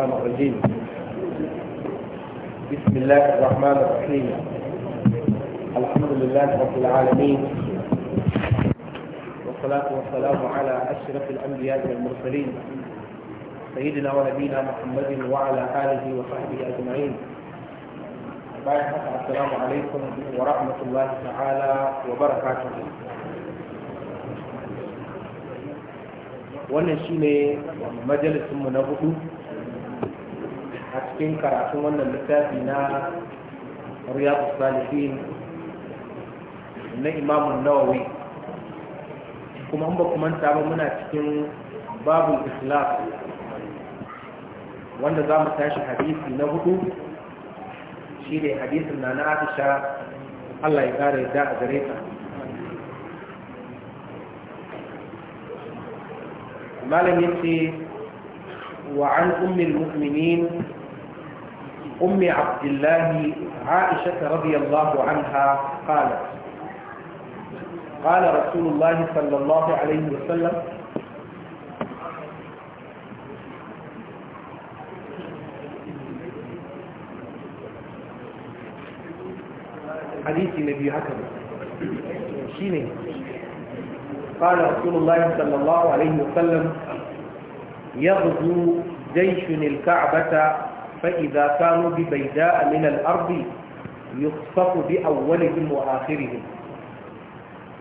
الشيطان الرجيم بسم الله الرحمن الرحيم الحمد لله رب العالمين والصلاة والسلام على أشرف الأنبياء والمرسلين سيدنا ونبينا محمد وعلى آله وصحبه أجمعين السلام عليكم ورحمة الله تعالى وبركاته wannan shi ne na hudu a cikin karatun wannan littafi na riyadu salihin na imamun nawawi kuma an ba kuma manta ba muna cikin babu islam wanda za mu tashi hadisi na hudu shi ne hadisin na na aisha allah ya kare da a gare ta malamin ce wa an ummin mu'minin أم عبد الله عائشة رضي الله عنها قالت قال رسول الله صلى الله عليه وسلم حديث نبي هكذا شيني قال رسول الله صلى الله عليه وسلم يغزو جيش الكعبة فإذا كانوا ببيداء من الأرض يخصف بأولهم وآخرهم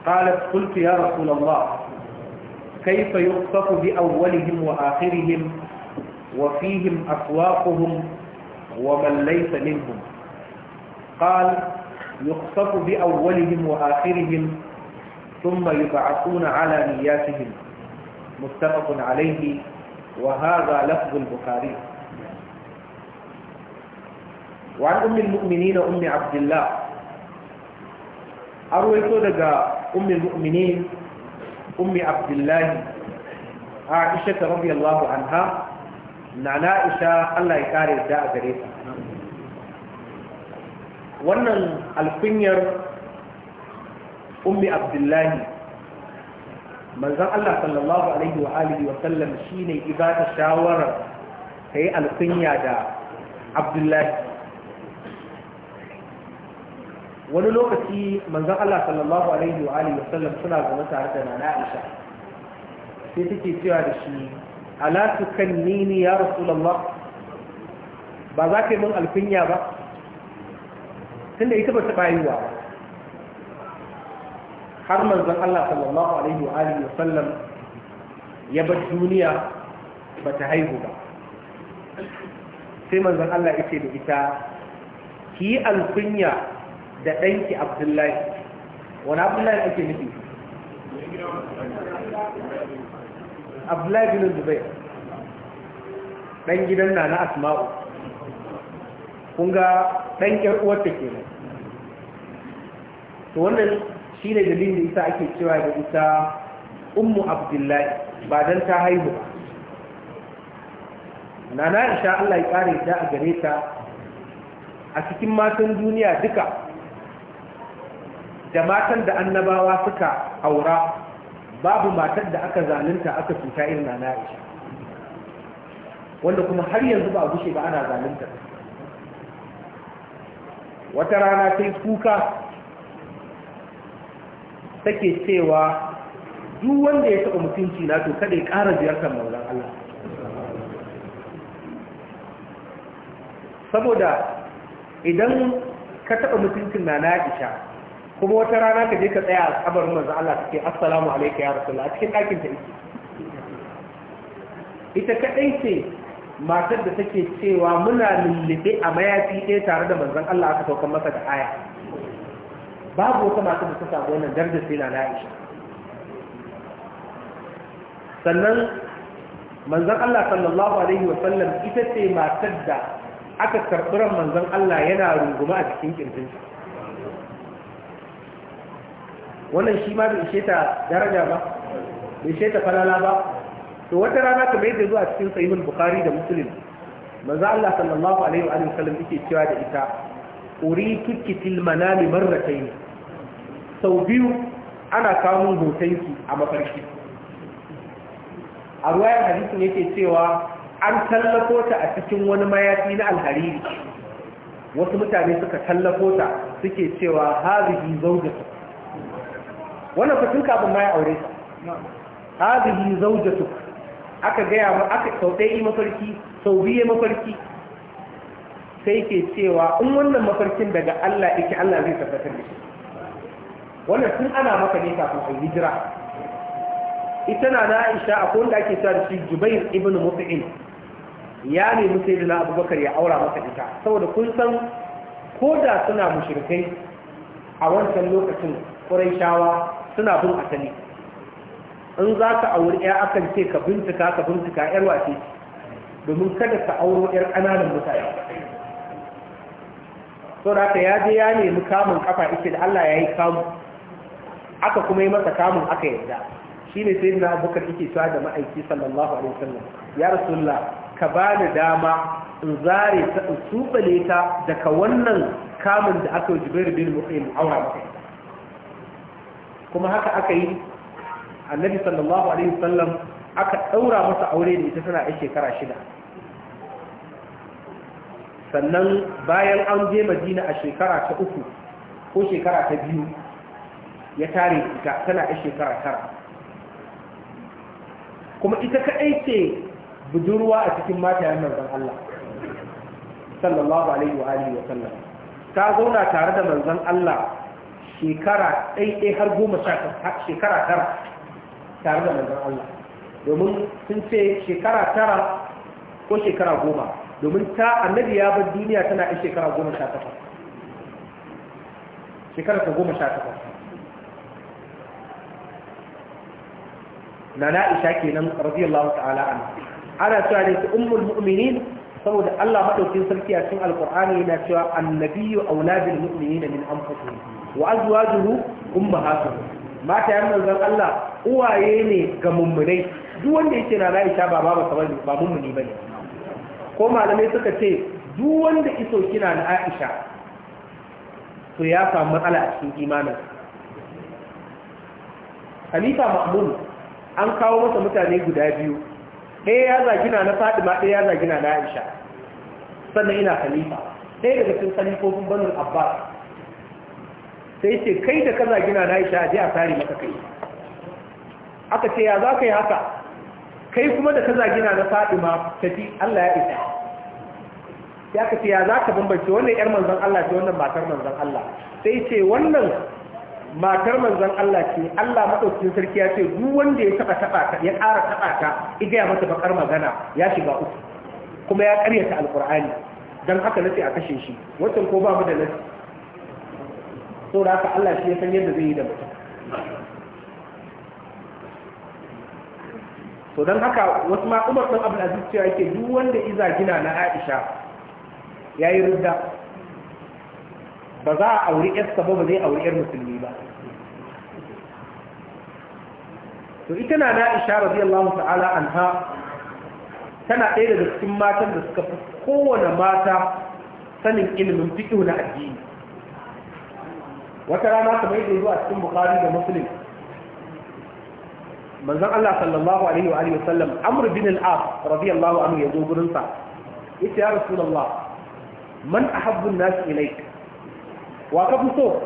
قالت قلت يا رسول الله كيف يخصف بأولهم وآخرهم وفيهم أسواقهم ومن ليس منهم قال يخصف بأولهم وآخرهم ثم يبعثون على نياتهم متفق عليه وهذا لفظ البخاري وعن أم المؤمنين أم عبد الله أرويتو دقا أم المؤمنين أم عبد الله عائشة رضي الله عنها نانا إشاء الله يكاري الداء جريسا wannan alkunyar ummi abdullahi manzan Allah sallallahu alaihi wa alihi wa sallam shine ibata shawara ta yi alkunya da abdullahi wani lokaci manzan Allah sallallahu alaihi wa alihi wasallam suna zama tare da nana Aisha sai take cewa da shi kan Nini ya rasulullah ba za ka yi min alkunya ba tunda ita ba ta bayuwa ba har manzan Allah sallallahu alaihi wa alihi wasallam ya bar duniya ba ta haihu ba sai manzan Allah ya ce da ita ki yi alkunya da ɗanki abdullahi wani abdullahi ake nufi abdullahi bin zubai ɗan gidan na na asma'u kun ga ɗan ƙyar uwarta ke nan to wannan shi ne dalilin da isa ake cewa da isa ummu abdullahi ba don ta haihu ba na na isha allah ya ƙare ta a gare ta a cikin matan duniya duka da matan da annabawa suka aura babu matan da aka zalunta aka cuta irin na na'isha wanda kuma har yanzu ba a gushe ba ana zalunta wata rana sai kuka take cewa duk wanda ya taɓa mutunci na to kada ya ƙara ziyartar maulan Allah saboda idan ka taɓa mutuncin na na'isha kuma wata rana ka je ka tsaya a kabarin manzo Allah ka assalamu alayka ya rasulullah a cikin ɗakin ta yake ita kadai ce matar da take cewa muna lullube a mayafi ɗaya tare da manzon Allah aka saukan masa da aya babu wata matar da ta samu wannan darajar sai na Aisha sannan manzon Allah sallallahu alaihi wa sallam ita ce matar da aka karɓi manzon Allah yana rungumi a cikin kirjinsa wannan shi ma bai ishe ta daraja ba bai ishe ta falala ba to wata rana mai da zuwa cikin sahihul bukhari da muslim manzo Allah sallallahu alaihi wa alihi wasallam yake cewa da ita uritu kitil manami marratayn sau biyu ana kawo hotanki a mafarki a ruwayar hadisin yake cewa an tallafo ta a cikin wani mayafi na alhariri wasu mutane suka tallafo ta suke cewa hazihi zaujatu wannan ku tun kafin ma ya aure ta hadhihi zawjatuk aka gaya ya aka sau yi mafarki sau biyu mafarki sai ke cewa in wannan mafarkin daga Allah yake Allah zai tabbatar da shi wannan tun ana maka ne kafin a hijira ita na na Aisha akwai wanda ake cewa da shi Jubair ibn Mut'im ya nemi sai da Abubakar ya aura maka ita saboda kun san ko da suna mushrikai a wancan lokacin Quraishawa suna bin asali in za ka auri ya akan ce ka bincika ka bincika yar wace domin kada ka auro yar ƙananan mutane so da ka yaje ya nemi kamun kafa ita da Allah ya yi kamu aka kuma yi masa kamun aka yarda shi ne sai na bukar yake cewa da ma'aiki sallallahu alaihi wasallam ya rasulullah ka ba da dama in zare ta in tsubale ta daga wannan kamun da aka yi jibril bin mu'ayyim aura maka kuma haka aka yi annabi sallallahu alaihi wasallam aka daura masa aure da ita tana shekara shida sannan bayan an je madina a shekara ta uku ko shekara ta biyu ya tare ita tana a shekara tara kuma ita kaɗai ce budurwa a cikin matayen manzan Allah sallallahu alaihi wa alihi wa sallam ta zauna tare da manzan Allah shekara ɗaiɗai har goma sha shekara tara tare da manzan Allah domin sun ce shekara tara ko shekara goma domin ta annabi ya bar duniya tana ɗan shekara goma sha takwas shekara ta goma sha takwas na na'isha kenan radiyallahu ta'ala an ana cewa ne ta ummul mu'minin saboda Allah madaukin sarki a cikin alqur'ani yana cewa annabiyyu aula bil mu'minina min anfusihim wa azwajuhu ummahatuhum mata yan manzon Allah uwaye ne ga mummunai duk wanda yake na Aisha ba ba ba ba mummuni bane ko malamai suka ce duk wanda iso kina na Aisha to ya samu matsala a cikin imanin Khalifa Ma'mun an kawo masa mutane guda biyu ɗaya ya zagi na na Fatima ɗaya ya zagi na Aisha sannan ina khalifa ɗaya daga cikin khalifofin Banu Abbas sai ce kai da kaza gina na isha je a tare maka kai aka ce ya za ka yi haka kai kuma da kaza gina na fadima tafi Allah ya isa ya ka ce ya za ka bambance wannan yar manzon Allah ce wannan matar manzon Allah sai ce wannan matar manzon Allah ce Allah madaukakin sarki ya ce duk wanda ya taba taba ta ya ƙara taba ta iga mata bakar magana ya shiga uku kuma ya ƙaryata alqur'ani dan haka nace a kashe shi wancan ko ba mu da nasi saboda haka Allah shi ya san yadda zai yi da mutum to don haka wasu ma Umar ɗan Abdul Aziz cewa yake duk wanda iza gina na Aisha yi rudda ba za a auri yarsa ba ba zai auri yar musulmi ba to ita na na Aisha radiyallahu ta'ala anha tana ɗaya daga cikin matan da suka fi kowane mata sanin ilimin fiqh na addini wata rana kamar yadda zuwa cikin bukhari da muslim manzon Allah sallallahu alaihi wa alihi wasallam amr bin al-as radiyallahu anhu yazo gurin sa yace ya rasulullah man ahabbu an-nas ilayk wa ka so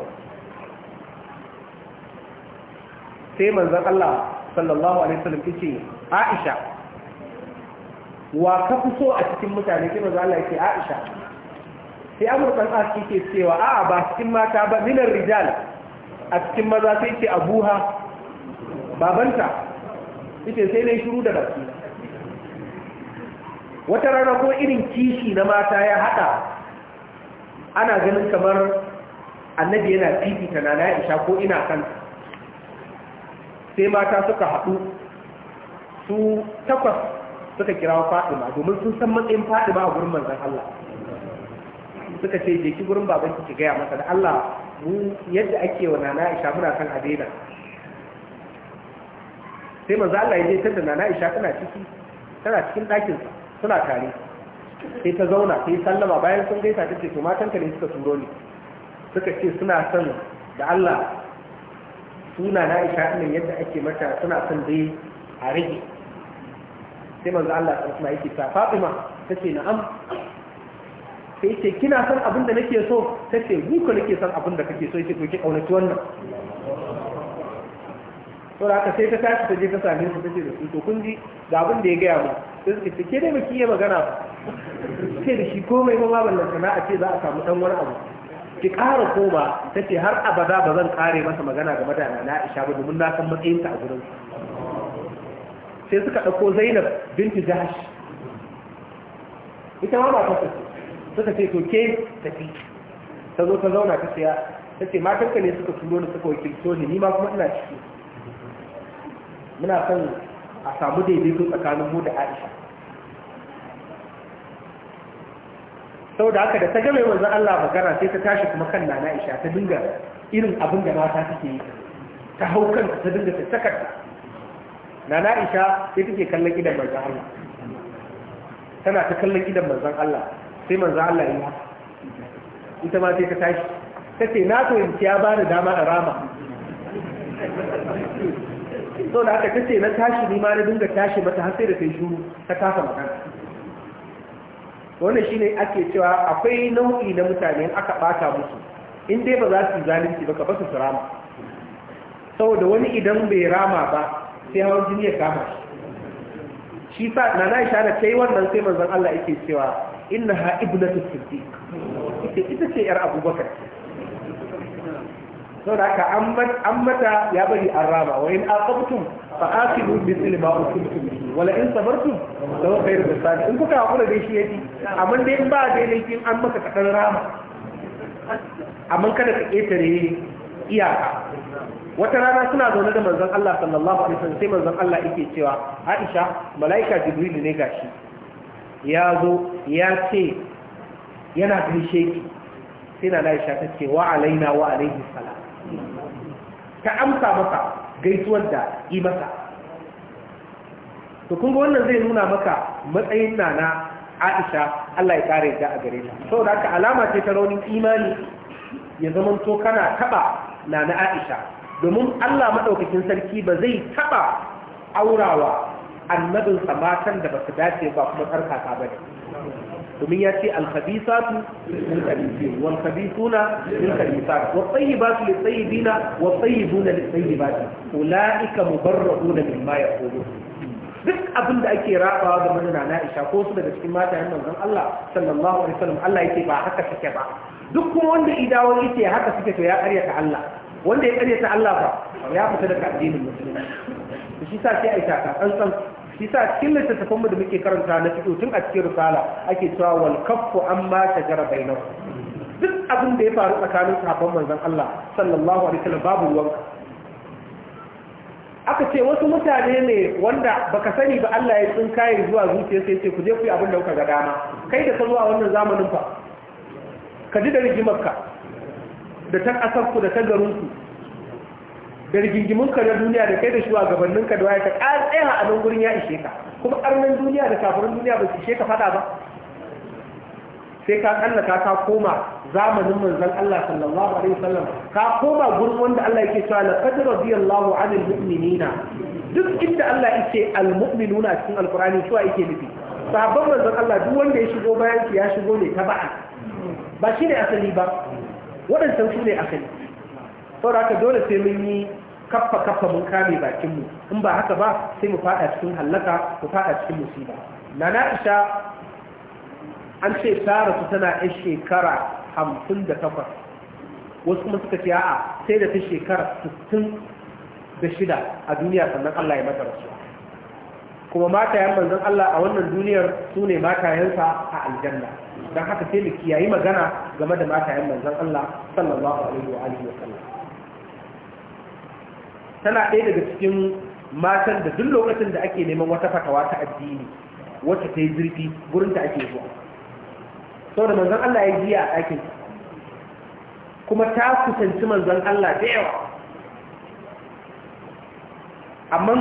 sai manzon Allah sallallahu alaihi wasallam yace Aisha wa ka so a cikin mutane sai manzon Allah yace Aisha sai amurkan aski ke cewa a'a ba cikin mata ba minar rijal a cikin maza sai ce abuha babanta ita sai dai shiru da baki wata rana ko irin kishi na mata ya hada ana ganin kamar annabi yana titi, na na isha ko ina kan sai mata suka haɗu su takwas suka kira fatima domin sun san matsayin fatima a gurin manzan Allah suka ce je ki gurin baban ki ki gaya masa da Allah mu yadda ake wa nana Aisha muna kan a daina sai manzo Allah ya je tanda nana Aisha tana ciki tana cikin ɗakin suna tare sai ta zauna sai sallama bayan sun gaisa ta ce to matanka ne suka turo ni suka ce suna son da Allah suna na Aisha ɗin yadda ake mata suna son dai a rage sai manzo Allah ya alaihi yake ta Fatima tace na'am sai ce kina san abin da nake so ta ce muka nake san abin da kake so ya ce to ki wannan to da aka sai ta tashi ta je ta same su tace da su to kun ji ga abin da ya gaya mu sai suka ce ke dai baki iya magana ba ce da shi komai ba babu nan sana'a ce za a samu dan wani abu ki ƙara koma ce har abada ba zan kare masa magana game da na Aisha ba domin na san ta a gurin sai suka ɗauko Zainab binti Jahash ita ma ba ta suka ce to ke tafi ta zo ta zauna ta siya ta ce matanka ne suka turo ni suka wakil ni ni ma kuma ina ciki muna son a samu daidaito tsakanin mu da aisha sau da haka da ta game wanzan Allah magana sai ta tashi kuma kan nana Aisha ta dinga irin abin da mata suke yi ta hau kan ta dinga ta sakarta nana isha sai take kallon idan manzan tana ta kallon idan manzan Allah sai manzo Allah ya ita ma sai ta tashi ta ce na to ya ba ni dama a rama so da aka tace na tashi ni ma na dinga tashi mata har sai da kai shuru ta kafa magana wannan shine ake cewa akwai nau'i na mutane aka bata musu in dai ba za su zalunci ba ka basu su rama saboda wani idan bai rama ba sai hawan jini ya kama shi shi sa na na isha da kai wannan sai manzon Allah yake cewa innaha ibnatu siddiq ita ita ce yar abubakar sau da aka an ya bari an rama wa in aqabtum fa aqibu bi silma ukuntum bihi wala in sabartum law khairu in kuka hakura dai shi yake amma dai in ba dai laifin an maka kadan rama amma kada ka ketare iyaka wata rana suna zaune da manzon Allah sallallahu alaihi wasallam sai manzon Allah yake cewa Aisha malaika Jibril ne gashi ya zo ya ce yana gaishe ki sai na Aisha ta ce wa alaina wa alaihi salam ta amsa masa gaisuwar da yi masa to kun wannan zai nuna maka matsayin nana Aisha Allah ya kare ta a gare ta saboda haka alama ce ta raunin imani ya zamanto kana taba nana Aisha domin Allah madaukakin sarki ba zai taba aurawa annabin sa matan da basu dace ba kuma tsarkaka ba ne domin ya ce alkhabisatu lil khabisin wal khabisuna lil khabisat wa tayyibatu lit tayyibina wa tayyibuna lit tayyibat ulaika mubarra'una mimma yaqulun duk abin da ake rabawa da manana na Aisha ko su daga cikin matayen manzon Allah sallallahu alaihi wasallam Allah yake ba haka take ba duk kuma wanda idawo yake haka suke to ya karyata Allah wanda ya karyata Allah ba ya fita daga addinin musulmi shi sa sai Aisha ka tsantsan shi sa cikin littattafan mu da muke karanta na fito tun a cikin risala ake cewa wal kaffu amma bainahu duk abin da ya faru tsakanin sahabban manzon Allah sallallahu alaihi wasallam babu ruwanka aka ce wasu mutane ne wanda baka sani ba Allah ya tsin kayan zuwa zuciya sai ce ku je ku yi abin da kuka ga dama kai da ka zuwa wannan zamanin fa ka ji da rigimarka da ta ƙasarku da ta garinku da rigingimunka na duniya da kai da shugabanninka da waya ka ƙara tsaya a nan gurin ya ishe ka kuma karnan duniya da kafirin duniya ba su ishe ka faɗa ba sai ka kalla ka koma zamanin manzon Allah sallallahu alaihi wasallam ka koma gurin wanda Allah yake cewa laqad radiyallahu anil mu'minina duk inda Allah yake almu'minuna cikin alqur'ani shuwa yake nufi sahabban manzon Allah duk wanda ya shigo bayan ya shigo ne taba'a. ba shi ne asali ba waɗancan su ne asali saboda haka dole sai mun yi kaffa kaffa mun kame bakinmu in ba haka ba sai mu fada cikin hallaka mu fada cikin musiba na isha an ce saratu tana yan shekara hamsin da takwas wasu kuma suka ce a'a sai da ta shekara sittin da shida a duniya sannan Allah ya mata rasu. kuma matayen manzon Allah a wannan duniyar su ne yansa a aljanna don haka sai mu kiyayi magana game da yan manzon Allah sallallahu alaihi wa alihi wa sallam tana ɗaya daga cikin matan da duk lokacin da ake neman wata fatawa ta addini wacce ta yi zurfi gurin ta ake zuwa sau da manzan Allah ya jiya a ɗakin kuma ta kusanci manzan Allah da yawa amma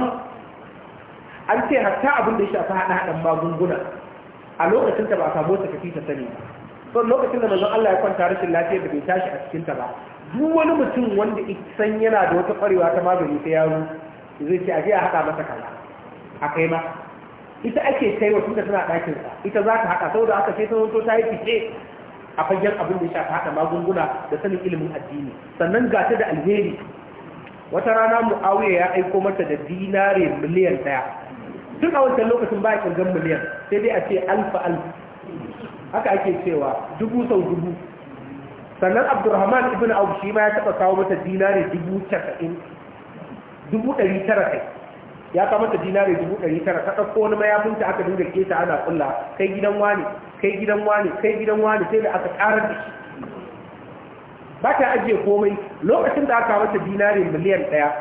an ce hatta abin da ya shafi haɗa haɗin magunguna a lokacin ta ba a samu wata kafi ta sani ba lokacin da manzan Allah ya kwanta rashin lafiyar da bai tashi a cikinta ba duk wani mutum wanda san yana da wata kwarewa ta magani ta yaro zai ce aje a haɗa masa kala. a kai ma ita ake kai wa tana ɗakin sa ita za ta haɗa saboda aka sai ta ta yi fice a fagen abin da ya shafa haɗa magunguna da sanin ilimin addini sannan ga ta da alheri wata rana mu'awiya ya aiko mata da dinare miliyan ɗaya tun a wancan lokacin ba a kirgan miliyan sai dai a ce alfa alfa haka ake cewa dubu sau dubu sannan abdurrahman ibn abu shi ma ya taɓa kawo mata dinare dubu dubu ɗari tara ya kawo mata dinari dubu ɗari tara ta ɗauko wani mayafinta aka dinga keta ana kulla kai gidan wani kai gidan wani kai gidan wani sai da aka karar da shi ba ta ajiye komai lokacin da aka mata dinare miliyan ɗaya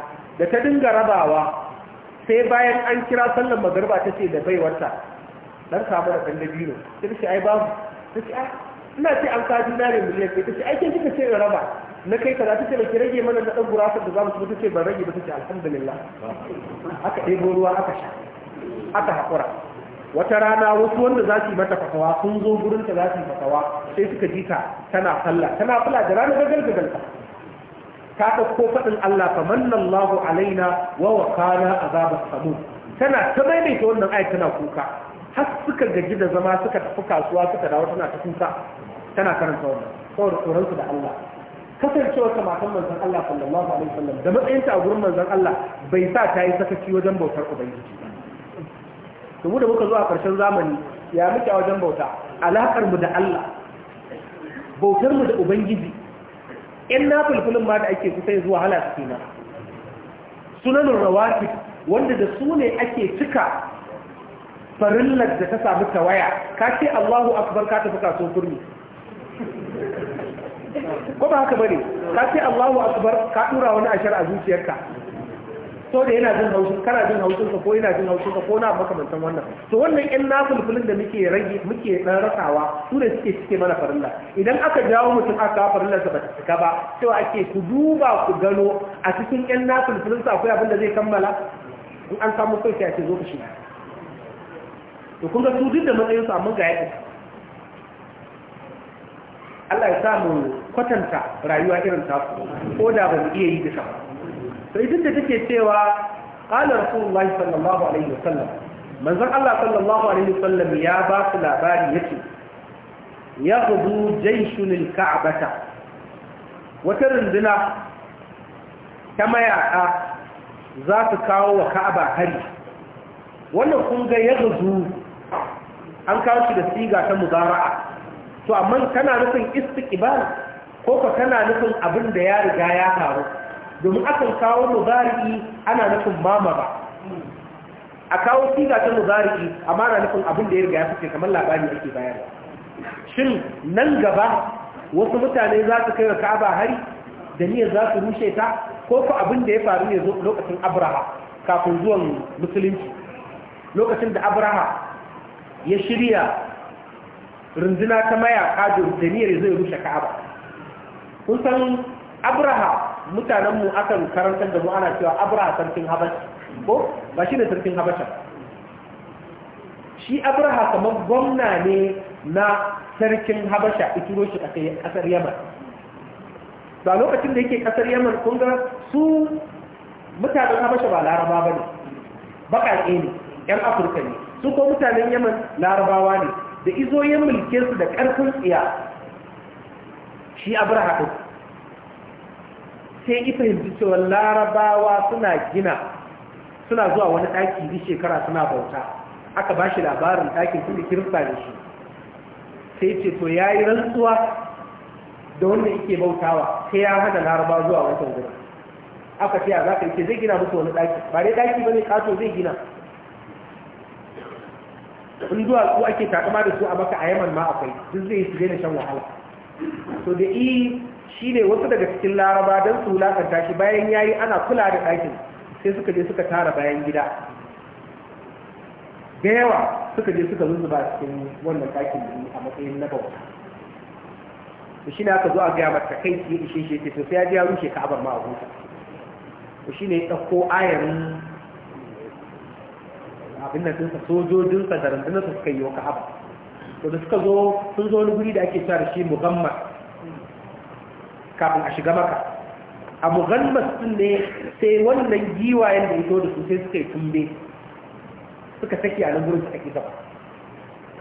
da ta dinga rabawa sai bayan an kira sallan magarba ta ce da baiwarta dan samu da ɗan biyu. sai ai babu ai ina ce an ka dinari miliyan ɗaya ta ce aikin kika ce in raba na kai kaza ta ce ba ki rage mana na ɗan gurasar da za mu ci ta ce ban rage ba ta ce alhamdulillah aka ɗebo ruwa aka sha aka haƙura wata rana wasu wanda za su yi mata fatawa sun zo gurin ta za su yi fatawa sai suka ji ta tana falla. tana falla da ranar gagal gagal ta ta ɗauko faɗin Allah fa manna Allahu alaina wa wakana azabar samu tana ta maimaita wannan ayat tana kuka har suka gaji da zama suka tafi kasuwa suka dawo tana ta sa tana karanta wannan saboda su da Allah kasancewa ta matan manzon Allah sallallahu alaihi wasallam da matsayinta a gurin manzon Allah bai sa ta yi sakaci wajen bautar ubangiji Saboda mu da muka zo a ƙarshen zamani ya muke a wajen bauta alaƙar mu da Allah bautar mu da ubangiji in na fulfulin ma da ake kusa zuwa hala su kenan sunanin rawatib wanda da su ne ake cika farillar da ta samu tawaya ka ce Allahu akbar ka tafi kaso turmi ko ba haka bane ka ce Allahu akbar ka dura wani ashar a zuciyarka so da yana jin haushin kana jin haushin ka ko yana jin haushin ka ko na makamantan wannan to wannan yan fulfulin da muke rage muke dan rasawa su ne suke cike mana farilla idan aka jawo mutum aka farilla sa bata cika ba cewa ake ku duba ku gano a cikin yan fulfulin sa akwai abin da zai kammala in an samu kai sai ce zo ka shiga to kun ga su duk da matsayin su amma ga yadda Allah ya samu kwatanta rayuwa irin ta ko da ba iya yi da ta sai duk da take cewa qala rasulullahi sallallahu alaihi wasallam manzon Allah sallallahu alaihi wasallam ya ba su labari yace yaghdu jayshun al-ka'bata wata runduna ta mayaka za su kawo wa ka'aba hari wannan kun ga yaghdu an kawo shi da siga ta muzara'a to amma kana nufin istiqbal ko ka kana nufin abin da ya riga ya faru domin akan kawo muzari'i ana nufin mama a kawo siga ta muzari'i amma ana nufin abin da ya riga ya fice kamar labari ke bayar. shin nan gaba wasu mutane za su kai wa ka'aba hari da niyyar za su rushe ta ko ko abin da ya faru ne lokacin abraha kafin zuwan musulunci lokacin da abraha ya shirya runduna ta mayaka da niyyar zai rushe ka'aba kun san abraha mutanenmu akan karantar da mu ana cewa abraha sarkin habasha ko ba shi ne sarkin habasha shi abraha kamar gwamna ne na sarkin habasha ituro shi a kasar yaman ba lokacin da yake kasar yaman kun ga su mutanen habasha ba laraba ba ne baƙaƙe ne 'yan afirka ne su ko mutanen yaman larabawa ne da izo ya mulke da ƙarfin tsiya shi abraha ɗin sai ita fahimci cewa larabawa suna gina suna zuwa wani ɗaki bi shekara suna bauta aka ba shi labarin ɗakin tun da kirista da shi sai ce to ya yi rantsuwa da wanda yake bautawa sai ya hana laraba zuwa wancan gudu aka ce a za ka yake zai gina musu wani ɗaki ba dai ɗaki ba ne kato zai gina in zuwa su ake takama da su a maka a yaman ma akwai duk zai su daina shan wahala to da i e, shi ne wasu daga cikin laraba don su wulakanta shi bayan ya yi ana kula da ɗakin sai suka je suka tara bayan gida da yawa suka je suka zuzuba cikin wannan ɗakin da a matsayin na bauta da shi ne aka zo a gaya mata kai ce ishe shi ce to sai ya je ya rushe ka'abar ma a huta shi ne ya ɗauko ayarin abin nan dinsa sojojinsa da rundunar suka yi wa ka'aba to da suka zo sun zo wani guri da ake cewa da shi muhammad kafin a shiga maka a muhammad sun ne sai wannan giwayen da ito da su sai suka yi tumbe suka saki a nan gurin su ake zaba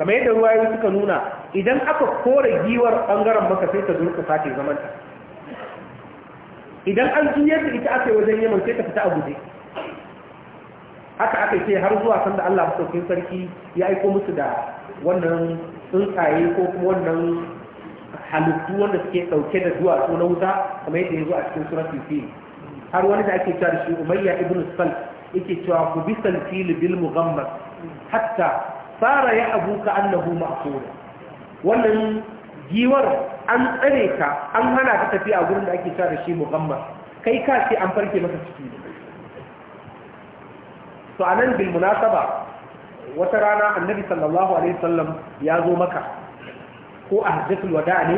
kamar yadda yi suka nuna idan aka kore giwar ɓangaren maka sai ta zurka sace zamanta idan an juyar da ita aka yi wajen yaman sai ta fita a guje haka aka ce har zuwa sanda Allah masaukin sarki ya aiko musu da wannan tsuntsaye ko kuma wannan halittu wanda suke dauke da duwatsu na wuta kamar yadda ya zo a cikin suna fil har wani da ake cewa da shi umayya ibn sal yake cewa ku bi salfil bil mughammas hatta fara ya abuka annahu ma'sura wannan giwar an tsare ka an hana ka tafiya a gurin da ake cewa da shi mughammas kai ka ce an farke masa ciki to anan bil munasaba wata rana annabi sallallahu alaihi wasallam ya zo maka ko a hajjatul wada ne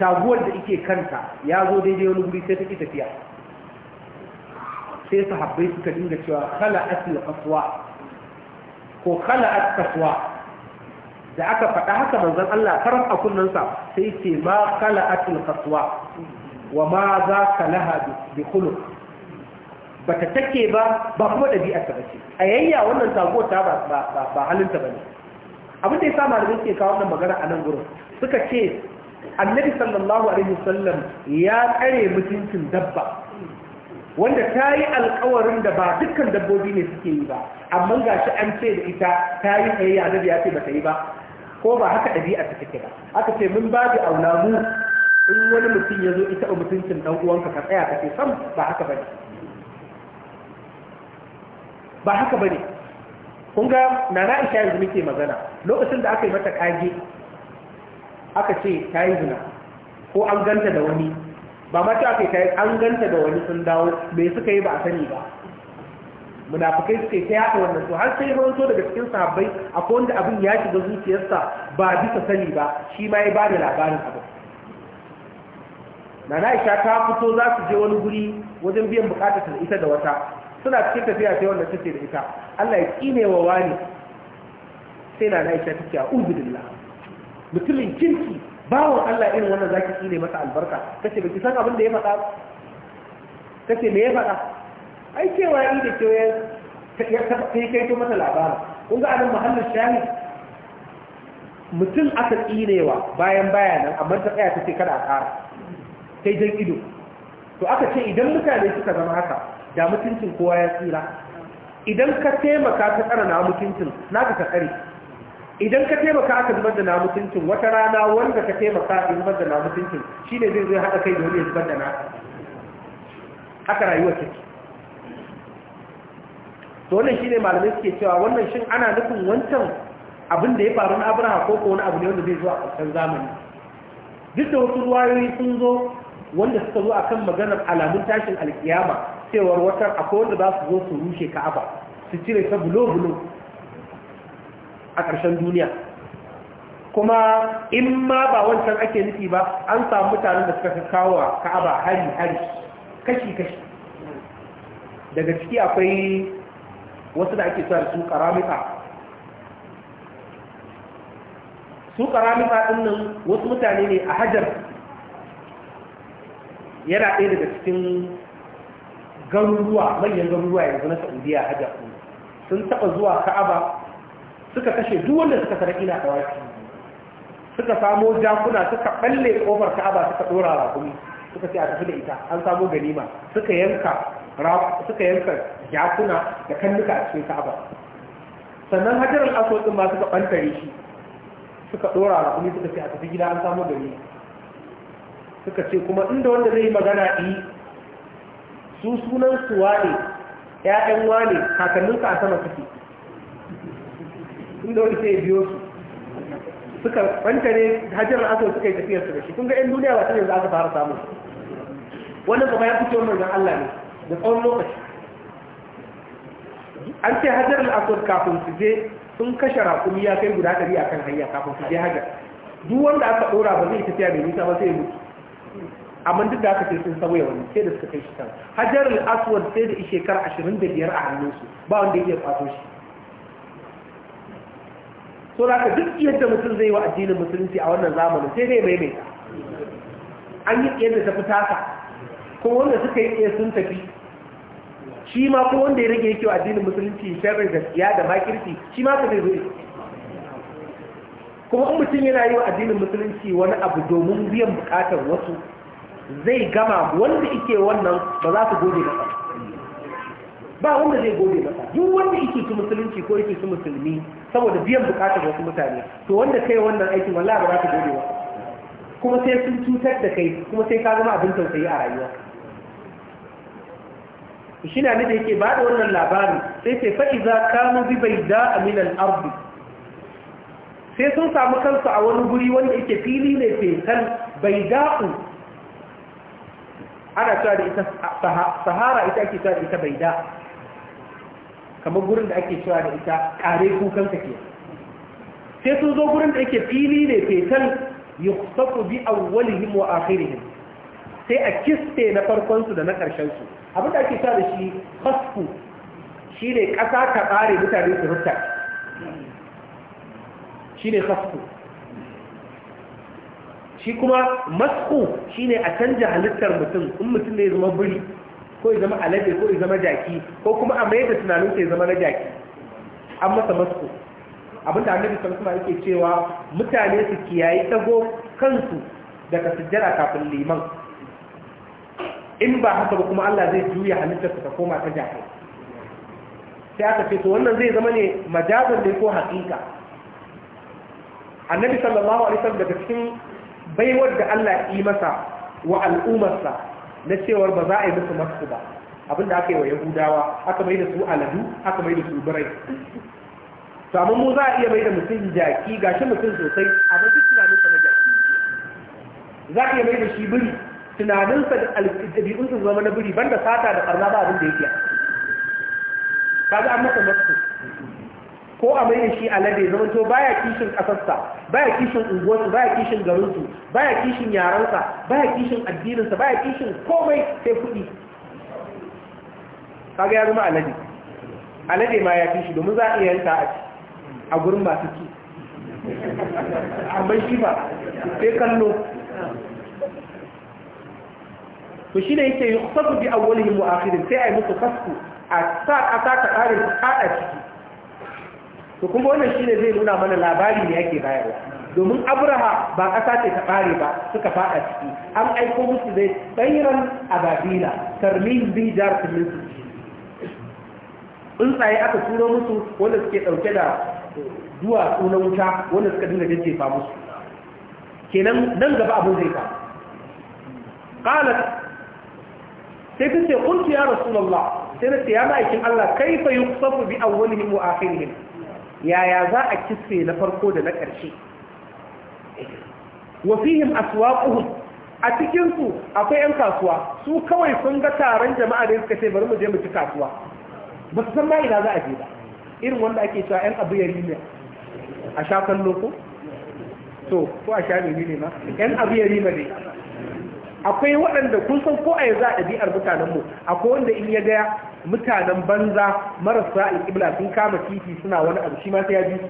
taguwar da ike kanta ya zo daidai wani guri sai ta ki tafiya sai sahabbai suka dinga cewa kala al kasuwa ko kala khala'at kasuwa. da aka faɗa haka manzon Allah karam a kunnansa sai ce ma khala'at al kasuwa wa ma za ka laha bi khuluq ba ta take ba ba kuma ɗabi'arta ba ce a yayya wannan sako ta ba halinta ba ne abin da ya sa da ke kawo wannan magana a nan gurin suka ce annabi sallallahu alaihi wasallam ya tsare mutuncin dabba wanda ta yi alkawarin da ba dukkan dabbobi ne suke yi ba amma ga shi an ce da ita ta yi tsayayya na biya ce ba ta yi ba ko ba haka ɗabi'arta take ba aka ce mun ba da aulamu in wani mutum ya zo ita ba mutuncin ɗan uwanka ka tsaya ka ce sam ba haka ba ne ba haka bane kun ga na isha yanzu muke magana lokacin da aka yi mata kage aka ce ta yi zina ko an ganta da wani ba ma ta yi an ganta da wani sun dawo me suka yi ba a sani ba munafukai suke ta yaɗa wannan to har sai rawanto daga cikin sahabbai akwai wanda abin ya shiga zuciyarsa ba bisa sani ba shi ma ya bada labarin abin nana isha ta fito za su je wani guri wajen biyan bukatar ita da wata suna cikin tafiya sai wannan suke da ita Allah ya kine wa wani sai na Aisha take a uzbillah mutumin kirki bawon Allah irin wannan zaki kine masa albarka kace baki san abin da ya faɗa kace me ya faɗa ai cewa yi da cewa ya kai kai to mata labarin kun ga anan mahallin Shani? mutum aka tsinewa bayan bayanan amma ta tsaya ta ce kada a ƙara yi jan ido to aka ce idan mutane suka zama haka da mutuncin kowa ya tsira idan ka taimaka ka tsara na mutuncin na ka tsare idan ka taimaka aka zubar da na mutuncin wata rana wanda ka taimaka ka zubar da na mutuncin shine zai zai haɗa kai da wani ya zubar da na haka rayuwa ce. to wannan shine malamai suke cewa wannan shin ana nufin wancan abin da ya faru na Abraha ko ko wani abu ne wanda zai zo a ƙarshen zamani duk da wasu ruwayoyi sun zo wanda suka zo akan maganar alamun tashin alkiyama cewar wata akwai wanda za su zo su rushe ka'aba su cire ta bulo-bulo a ƙarshen duniya kuma in ma ba wancan ake nufi ba an samu mutanen da suka kawo ka'aba hari-hari kashi-kashi daga ciki akwai wasu da ake cewa da su karamika su karamika nan wasu mutane ne a hajar yana ɗaya daga cikin garuruwa manyan garuruwa yanzu na saudiya hajjar sun taɓa zuwa ka'aba suka kashe duk wanda suka sarki na kawaki suka samo jakuna suka balle kofar ka'aba suka dora rakumi suka ce a tafi da ita an samo ganima suka yanka suka yanka jakuna da kannuka a cikin ka'aba sannan hajjar al'aswad ma suka bantare shi suka dora rakumi suka ce a tafi gida an samo ganima suka ce kuma inda wanda zai magana yi su sunan su wane ƴaƴan wane kakannin ka a sama suke inda wani sai biyo su suka wanta ne hajjar asar suka yi tafiyar su da shi kun ga 'yan duniya ba ta yanzu aka fara samu wannan gaba ya fito manzon Allah ne da tsawon lokaci an ce hajar al'asar kafin su je sun kashe rakumi ya kai guda ɗari a kan hanya kafin su je hajjar duk wanda aka ɗora ba zai tafiya mai nisa ba sai mutu amma duk da aka ce sun sauya wani sai da suka kai shi kan hajar al'aswar sai da shekar 25 a hannunsu ba wanda yake kwato shi so da aka duk yadda mutum zai wa addinin musulunci a wannan zamanin sai dai maimaita an yi yadda tafi tasa kuma wanda suka yi iya sun tafi shi ma ko wanda ya rage yake wa addinin musulunci sharri gaskiya da makirci shi ma ka zai zo kuma in mutum yana yi wa addinin musulunci wani abu domin biyan bukatar wasu zai gama wanda ike wannan ba za su gode masa ba wanda zai gode masa Yin wanda ike su musulunci ko ike su musulmi saboda biyan bukatar wasu mutane to wanda kai wannan aikin wallahi ba za su gode masa kuma sai sun cutar da kai kuma sai ka zama abin tausayi a rayuwa shi na da yake ba da wannan labarin sai ce ka mu bi bai da aminan arzi sai sun samu kansu a wani guri wanda yake fili ne fesan bai da'u ana cewa da ita sahara ita ake cewa da ita bai da kamar gurin da ake cewa da ita kare kukan ke sai sun zo gurin da ake fili ne fetal yuqsafu bi awwalihim wa akhirihim sai a kiste na farkon su da na karshen su abin da ake cewa da shi khasfu shine kasa ta bare mutane su rufta shine khasfu shi kuma masu shi ne a canja halittar mutum in mutum ne zama buri ko zama alade ko zama jaki ko kuma a mai da tunanin ya zama na jaki an masa masu abinda an sallallahu alaihi yake cewa mutane su kiyaye tago kansu daga sujjara kafin liman in ba haka ba kuma Allah zai juya halittar ta koma ta jaki sai aka ce to wannan zai zama ne majazan ne ko hakika annabi sallallahu alaihi wasallam daga cikin baiwar da Allah yi masa wa al'ummarsa na cewar ba za a yi musu masu ba abinda aka yi wa yahudawa aka mai da su aladu aka mai da su birai samun mu za a iya mai da mutum jaki shi mutum sosai abin duk tunaninsa na jaki za a iya mai da shi biri tunaninsa da ɗabi'unsa zama na biri banda sata da ƙarna ba abin da yake kaga an masa masu ko a mai da shi alade zama to baya kishin kasarsa baya kishin unguwarsa baya kishin garinsu baya kishin yaransa baya kishin addininsa baya kishin komai sai kuɗi kaga ya zama a A lade ma ya kishi domin za a iya yanka a gurin masu ci amma shi ba sai kallo to shi ne yake yi kusa bi awwalihim wa akhirin sai a yi musu kasku a sa ƙasa ta ƙarin ta ciki to kuma wannan shine zai nuna mana labari ne yake bayarwa domin abraha ba ƙasa ce ta ɓare ba suka faɗa ciki an aiko musu zai tsairan ababila tarmin bijar tuminsu tsuntsaye aka turo musu wanda suke ɗauke da duwatsu na wuta wanda suka dinga jajjefa musu kenan nan gaba abin zai fa qalat sai ta ce kuntu ya rasulullah sai na ce ya ma'aikin Allah kai kaifa yuksafu bi awwalihim wa akhirihim yaya za a kisse na farko da na ƙarshe wafihim aswaquhum a cikinsu akwai 'yan kasuwa su kawai sun ga taron jama'a da suka ce bari mu je mu ci kasuwa ba su san ma'ina za a je ba irin wanda ake cewa 'yan abu yari ne a sha loko? to ko a sha ne ma 'yan abu yari ne akwai waɗanda kun san ko a yi za a ɗabi'ar mutanenmu akwai wanda in ya gaya mutanen banza marasa al'ibla sun kama titi suna wani abu shi ma sai ya ji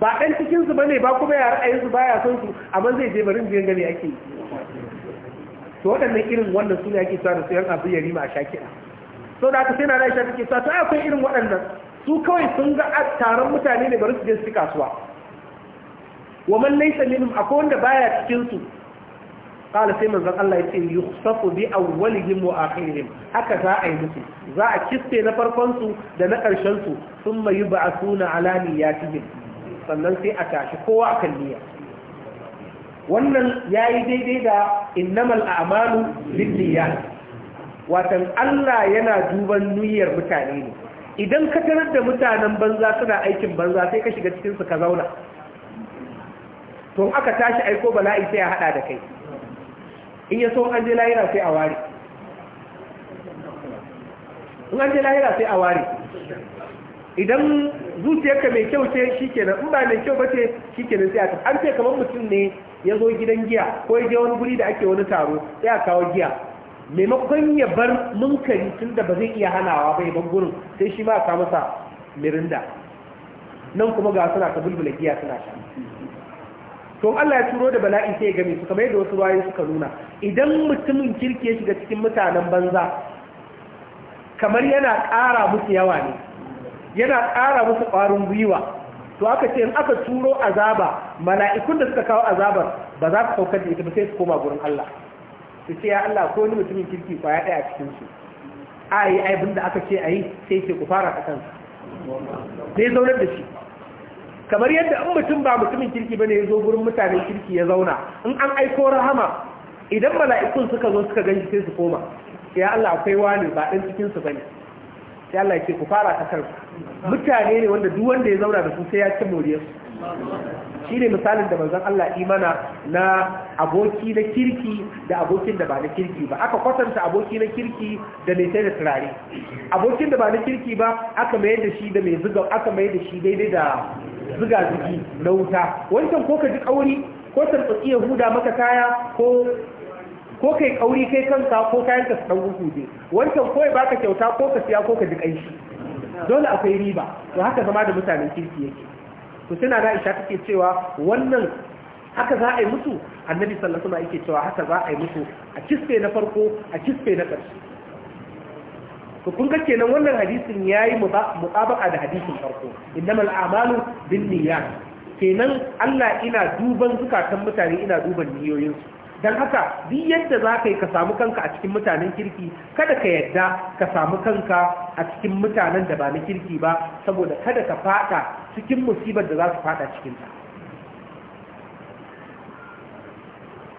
ba ɗan cikinsu ba ne ba kuma ya ra'ayinsu ba ya son su amma zai je barin biyan gani ake to waɗannan irin wannan su ne ake sa da su yan abu ya rima a sha kiɗa so da aka sai na raisha take sa, to akwai irin waɗannan su kawai sun ga taron mutane ne bari su je su kasuwa wa man laysa minhum akwai wanda baya cikin su qala sai manzon Allah yace yukhsafu bi awwalihim wa akhirihim haka za a yi musu za a kiste na farkon su da na karshen su thumma yub'athuna ala niyyatihim sannan sai a tashi kowa akan niyya wannan yayi daidai da innamal a'malu binniyat watan Allah yana duban niyyar mutane ne idan ka tarar da mutanen banza suna aikin banza sai ka shiga cikinsu ka zauna to aka tashi aiko bala'i sai a hada da kai in ya so an je lahira sai a ware in an je lahira sai a ware idan zuciyarka mai kyau ce shikenan in ba mai kyau ba ce kenan sai aka an ce kamar mutum ne ya zo gidan giya ko ya je wani guri da ake wani taro sai a kawo giya maimakon ya bar munkari tun da ba zai iya hanawa ba ya gurin sai shi ma ka masa mirinda nan kuma ga suna ta bulbula giya suna sha to Allah ya turo da bala'i sai ya game su kamar yadda wasu ruwayoyi suka nuna idan mutumin kirki ya shiga cikin mutanen banza kamar yana ƙara musu yawa ne yana ƙara musu ƙwarin gwiwa to aka ce in aka turo azaba mala'ikun da suka kawo azabar ba za su saukar da ita ba sai su koma gurin Allah su ce ya Allah ko ni mutumin kirki kwaya ɗaya a cikin su ai ai abin da aka ce ayi sai ke ku fara ta kansa zaunar da shi kamar yadda in mutum ba mutumin kirki bane ya zo gurin mutanen kirki ya zauna in an aiko rahama idan mala'ikun suka zo suka ganshi sai su koma ya Allah akwai wani ba dan cikin su bane ya Allah yake ku fara ka mutane ne wanda duk wanda ya zauna da su sai ya ci moriya su. shine misalin da manzon Allah imana na aboki na kirki da abokin da ba na kirki ba aka kwatanta aboki na kirki da mai sai da turare abokin da ba na kirki ba aka mayar da shi da mai zuga aka mayar da shi daidai da zuga zugi na wuta wancan ko ka ji kauri ko tarfatsi ya huda maka kaya ko ko kai kauri kai kanka ko kayan ka dan gugu je wancan ko ya baka kyauta ko ka siya ko ka ji kanshi dole akwai riba to haka zama da mutanen kirki yake to suna da Aisha take cewa wannan haka za a yi mutu annabi sallallahu alaihi wasallam yake cewa haka za a yi mutu a kisfe na farko a kisfe na ƙarshe to kun ga kenan wannan hadisin yayi mutabaka da hadisin farko innamal a'malu binniyat kenan Allah ina duban zukatan mutane ina duban niyoyinsu dan haka duk yadda zaka yi ka samu kanka a cikin mutanen kirki kada ka yadda ka samu kanka a cikin mutanen da ba na kirki ba saboda kada ka fada cikin musibar da za su fada cikin ta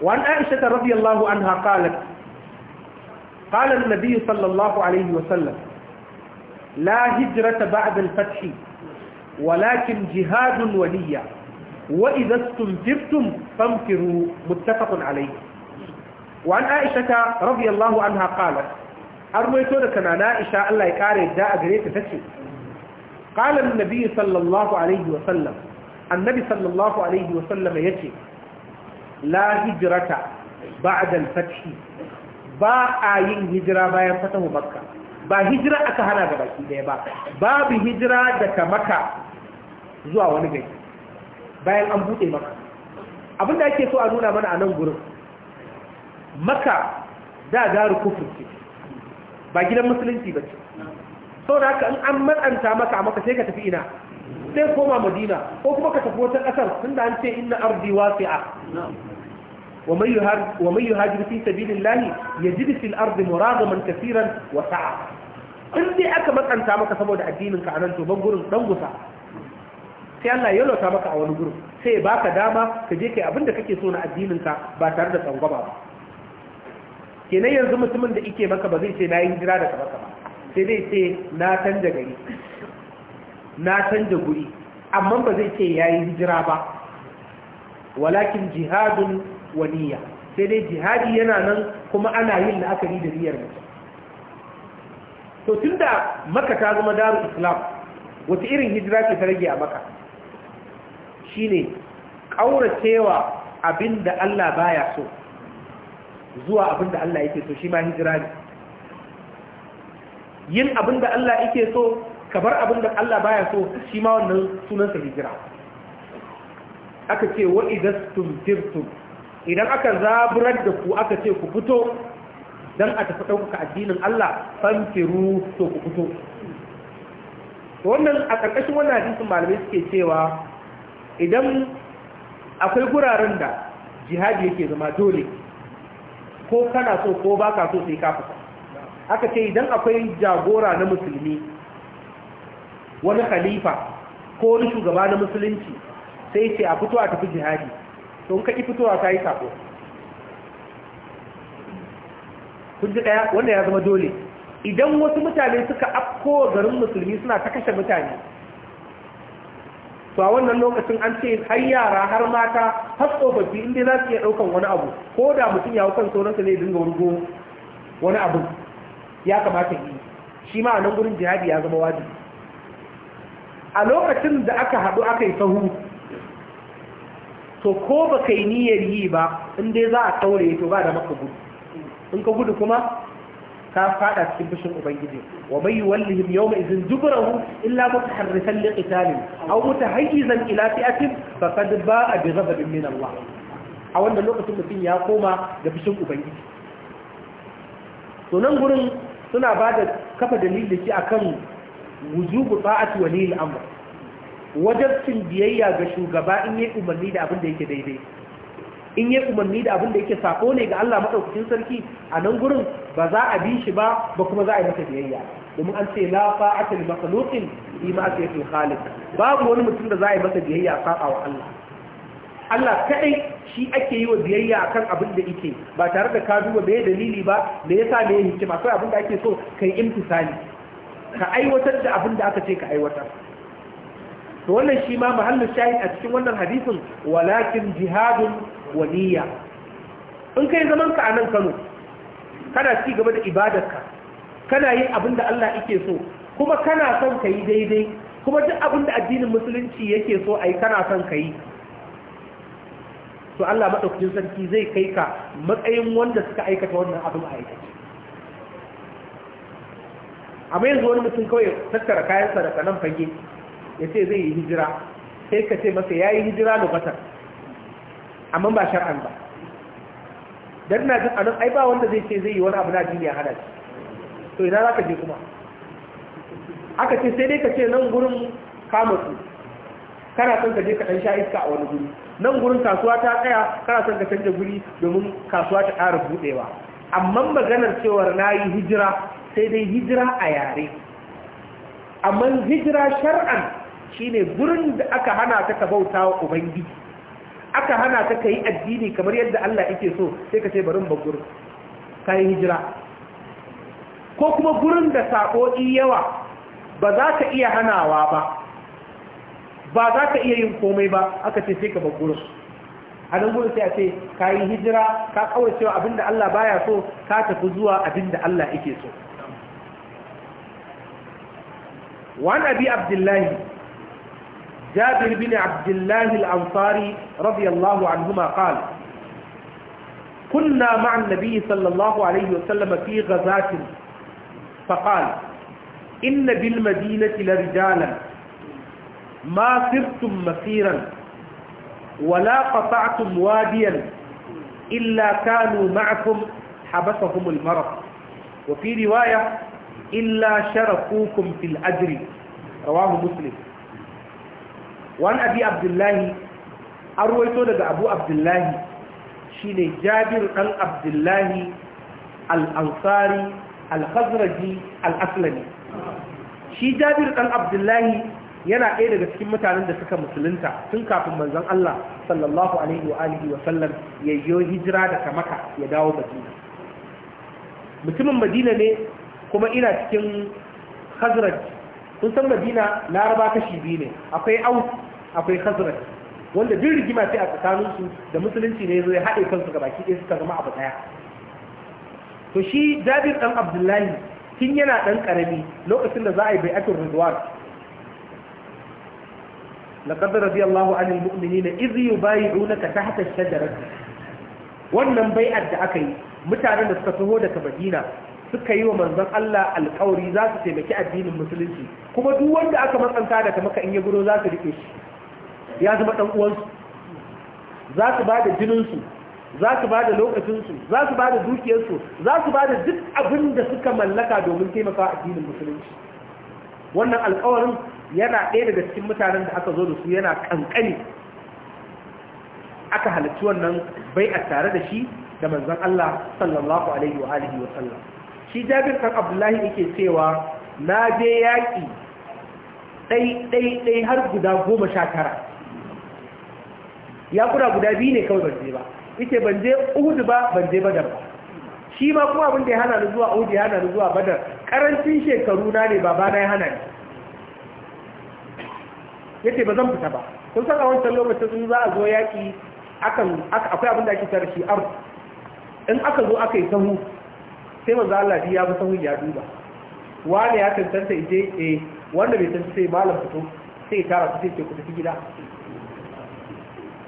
وعن عائشة رضي radiyallahu anha qalat قال النبي صلى الله عليه وسلم لا هجرة بعد الفتح ولكن جهاد ولية وإذا استنفرتم فانفروا متفق عليه وعن عائشة رضي الله عنها قالت أرويت لك أن عائشة الله يقارئ داء قريت فتشي قال النبي صلى الله عليه وسلم النبي صلى الله عليه وسلم يتي لا هجرة بعد الفتح ba a yin hijira bayan fatahu makka ba hijira aka hana ga baki daya ba babu hijira daga maka zuwa wani gari bayan an bude maka abinda ake so a nuna mana a nan gurin maka da garu kufur ce ba gidan musulunci ba ce sau da haka in an matsanta maka maka sai ka tafi ina sai koma madina ko kuma ka tafi wata ƙasar tun da an ce inna ardi wasi'a ومن يهاجر, ومن يهاجر في سبيل الله يجد في الأرض مراغما كثيرا وسعة in dai aka matsanta maka saboda addininka a nan to ban gurin dan gusa sai Allah ya lota maka a wani gurin sai baka dama ka je kai abin da kake so na addininka ba tare da tsangwama ba kenan yanzu mutumin da yake maka ba zai ce na yi hijira daga maka ba sai dai ce na canja gari na canja guri amma ba zai ce ya yi hijira ba walakin jihadun wa niyya sai dai jihadi yana nan kuma ana yin la'akari da niyyar mutum to tunda maka ta zama daru islam wata irin hijira ce ta rage a maka shine kauracewa abinda Allah baya so zuwa abinda Allah yake so shi ma hijira ne yin abinda Allah yake so kabar abinda Allah baya so shi ma wannan sunansa hijira aka ce wa idastum tirtum idan aka zaburar da ku aka ce ku fito don a tafi ɗaukaka addinin Allah fanfiru to ku fito wannan a ƙarƙashin wannan hadisin malamai suke cewa idan akwai guraren da jihadi yake zama dole ko kana so ko baka so sai ka fita aka ce idan akwai jagora na musulmi wani khalifa ko wani shugaba na musulunci sai ce a fito a tafi jihadi to ka yi fitowa ka yi sako kun ji ɗaya wanda ya zama dole idan wasu mutane suka afko garin musulmi suna ta kashe mutane to a wannan lokacin an ce har yara har mata har tsofaffi inda za su iya ɗaukan wani abu ko da mutum ya wukan sauransa ne dinga wurgo wani abu ya kamata yi shi ma a nan gurin jihadi ya zama wajibi a lokacin da aka haɗu aka yi sahu to ko ba kai niyyar yi ba in dai za a taure to ba da maka gudu in ka gudu kuma ka fada cikin fushin ubangiji wa mai wallihim yawma idhin jubrahu illa mutaharrifan liqitalin aw mutahayyizan ila fi'atin faqad ba'a bi ghadabin min Allah a wanda lokacin mutum ya koma da fushin ubangiji Sunan gurin suna ba da kafa dalili shi akan wujubu ta'ati walil amr wajabcin biyayya ga shugaba in yi umarni da abin da yake daidai in yi umarni da abin da yake sako ne ga Allah maɗaukacin sarki a nan gurin ba za a bi shi ba ba kuma za a yi masa biyayya domin an ce la fa'atul makhluqin fi ma'siyatil khaliq babu wani mutum da za a yi masa biyayya a saba wa Allah Allah kadai shi ake yi wa biyayya akan abin da yake ba tare da ka duba me dalili ba me yasa me hikima sai abin da ake so kai imtisali ka aiwatar da abin da aka ce ka aiwatar to wannan shi ma mahallin shahid a cikin wannan hadisin walakin jihadun waniya in kai zaman ka a nan Kano kana ci gaba da ibadarka kana yin abin da Allah yake so kuma kana son ka yi daidai kuma duk abin da addinin musulunci yake so a yi kana son ka yi to Allah maɗaukacin sarki zai kai ka matsayin wanda suka aikata wannan abin a aikace amma yanzu wani mutum kawai tattara kayan sadaka nan fage ya ce zai yi hijira sai ka ce masa ya yi hijira lugatar amma ba shar'an ba don na jin anan ai ba wanda zai ce zai yi wani abu na duniya hana shi to ina za ka je kuma aka ce sai dai ka ce nan gurin kama su kana son ka je ka ɗan sha iska a wani guri nan gurin kasuwa ta tsaya kana son ka canja guri domin kasuwa ta ƙara buɗewa amma maganar cewar na yi hijira sai dai hijira a yare amma hijira shar'an Shi ne gurin da aka hana ta ka bauta wa ubangiji aka hana ta ka yi addini kamar yadda Allah yake so sai ka ce barin bagur yi hijira ko kuma gurin da saƙoƙi yawa ba za ka iya hanawa ba ba za ka iya yin komai ba aka ce sai ka bagurin a nan gudu sai a ce ka yi hijira ka kawai cewa da Allah baya so ka tafi zuwa abinda Allah yake so wani abi abdullahi جابر بن عبد الله الأنصاري رضي الله عنهما قال كنا مع النبي صلى الله عليه وسلم في غزاة فقال إن بالمدينة لرجالا ما سرتم مسيرا ولا قطعتم واديا إلا كانوا معكم حبسهم المرض وفي رواية إلا شركوكم في الأجر رواه مسلم wani abi abdullahi an ruwaito daga abu abdullahi shi ne jabir ɗan abdullahi al'ansari al-khazraji al shi jabir ɗan abdullahi yana ɗaya daga cikin mutanen da suka musulunta tun kafin manzon Allah sallallahu alaihi wa wa sallam ya yi hijira daga maka ya dawo madina mutumin madina ne kuma ina cikin hazrat Sun san madina laraba kashi biyu ne akwai aus akwai khazraj wanda duk rigima sai a tsakaninsu da musulunci ne zai haɗe kansu ga baki ɗaya suka zama abu ɗaya to shi jabir ɗan abdullahi tun yana ɗan ƙarami lokacin da za a yi bai'atul ridwan laqad radiyallahu anil mu'minina idh yubayi'unaka tahta ash-shajarati wannan bai'ar da aka yi mutanen da suka taho daga Madina suka yi wa manzon Allah alƙawari za su taimaki addinin musulunci kuma duk wanda aka matsanta daga maka in ya gudo za su rike shi ya zama dan uwansu za su ba da jininsu za su ba da lokacinsu za su ba da dukiyarsu za su ba da duk abin da suka mallaka domin taimakawa addinin musulunci wannan alƙawarin yana ɗaya daga cikin mutanen da aka zo da su yana kankani aka halarci wannan bai a tare da shi da manzon Allah sallallahu alaihi wa wa sallam shi jabir kan abdullahi yake cewa na je yaƙi ɗai har guda goma sha tara ya kura guda biyu ne kawai ban je ba ita ban je uhudu ba ban je badar ba shi ma kuma abin da ya hana ni zuwa uhudu ya hana ni zuwa badar karancin shekaru na ne na ya hana ni ya ce ba zan fita ba kun san a wancan lokacin sun za a zo yaƙi akwai abin da ake tare shi ar in aka zo aka yi sahu sai manzo Allah ya bi sahun ya duba wani ya tantance ije eh wanda bai tantance sai malam fito sai tara su sai ku tafi gida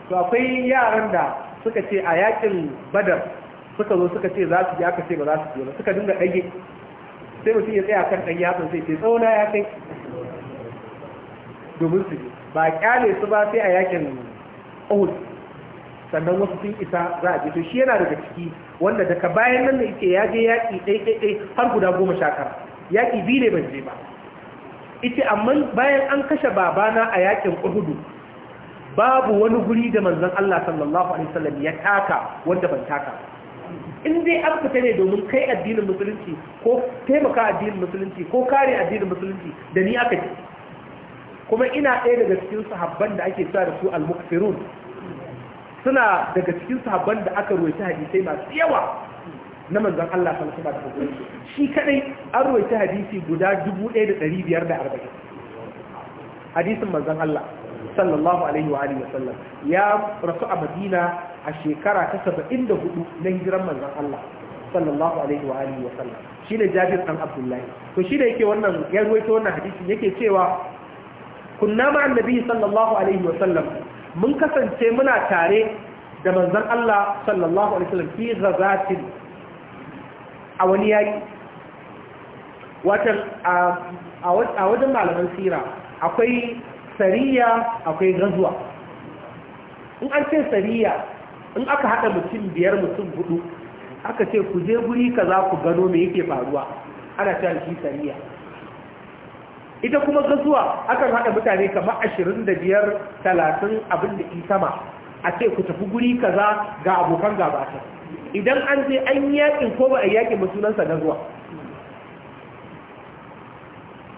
to akwai yaran da suka ce a yakin badar suka zo suka ce za su ya aka ce ba za su je ba suka dinga dage sai mutum ya tsaya kan dan yatsun sai ce tsauna ya kai domin su je ba kyale su ba sai a yakin Uhud sannan wasu sun isa za a shi yana daga ciki wanda daga bayan nan da yake ya je yaƙi ɗai har guda goma sha tara yaƙi biyu ne ban je ba ita amma bayan an kashe babana a yaƙin uhudu babu wani guri da manzan Allah sallallahu alaihi wasallam ya taka wanda ban taka in dai an fita ne domin kai addinin musulunci ko taimaka addinin musulunci ko kare addinin musulunci da ni aka ji kuma ina ɗaya daga cikin sahabban da ake sa da su al-mukfirun suna daga cikin sabon da aka roci hadisai masu yawa na manzan Allah sallallahu da wasallam shi kadai an roci hadisi guda 1540 hadisin manzan Allah sallallahu alaihi wa alihi wasallam ya rasu a Madina a shekara ta 74 na hijiran manzan Allah sallallahu alaihi wa alihi wasallam shine Jabir dan Abdullahi to shi da yake wannan ya ruwaito wannan hadisi yake cewa kunna ma'an nabi sallallahu alaihi wasallam mun kasance muna tare da manzan Allah sallallahu alaihi wasallam fi ghazatin a wani yaki watan a wajen malaman sira akwai sariya akwai gazuwa in an ce sariya in aka haɗa mutum biyar mutum hudu aka ce ku je guri kaza ku gano me yake faruwa ana cewa shi sariya ita kuma gazuwa akan haɗa mutane kamar ashirin da biyar talatin abin da ke sama a ce ku tafi guri kaza ga abokan gaba idan an je an yakin ko ba a yakin ba sunansa gazuwa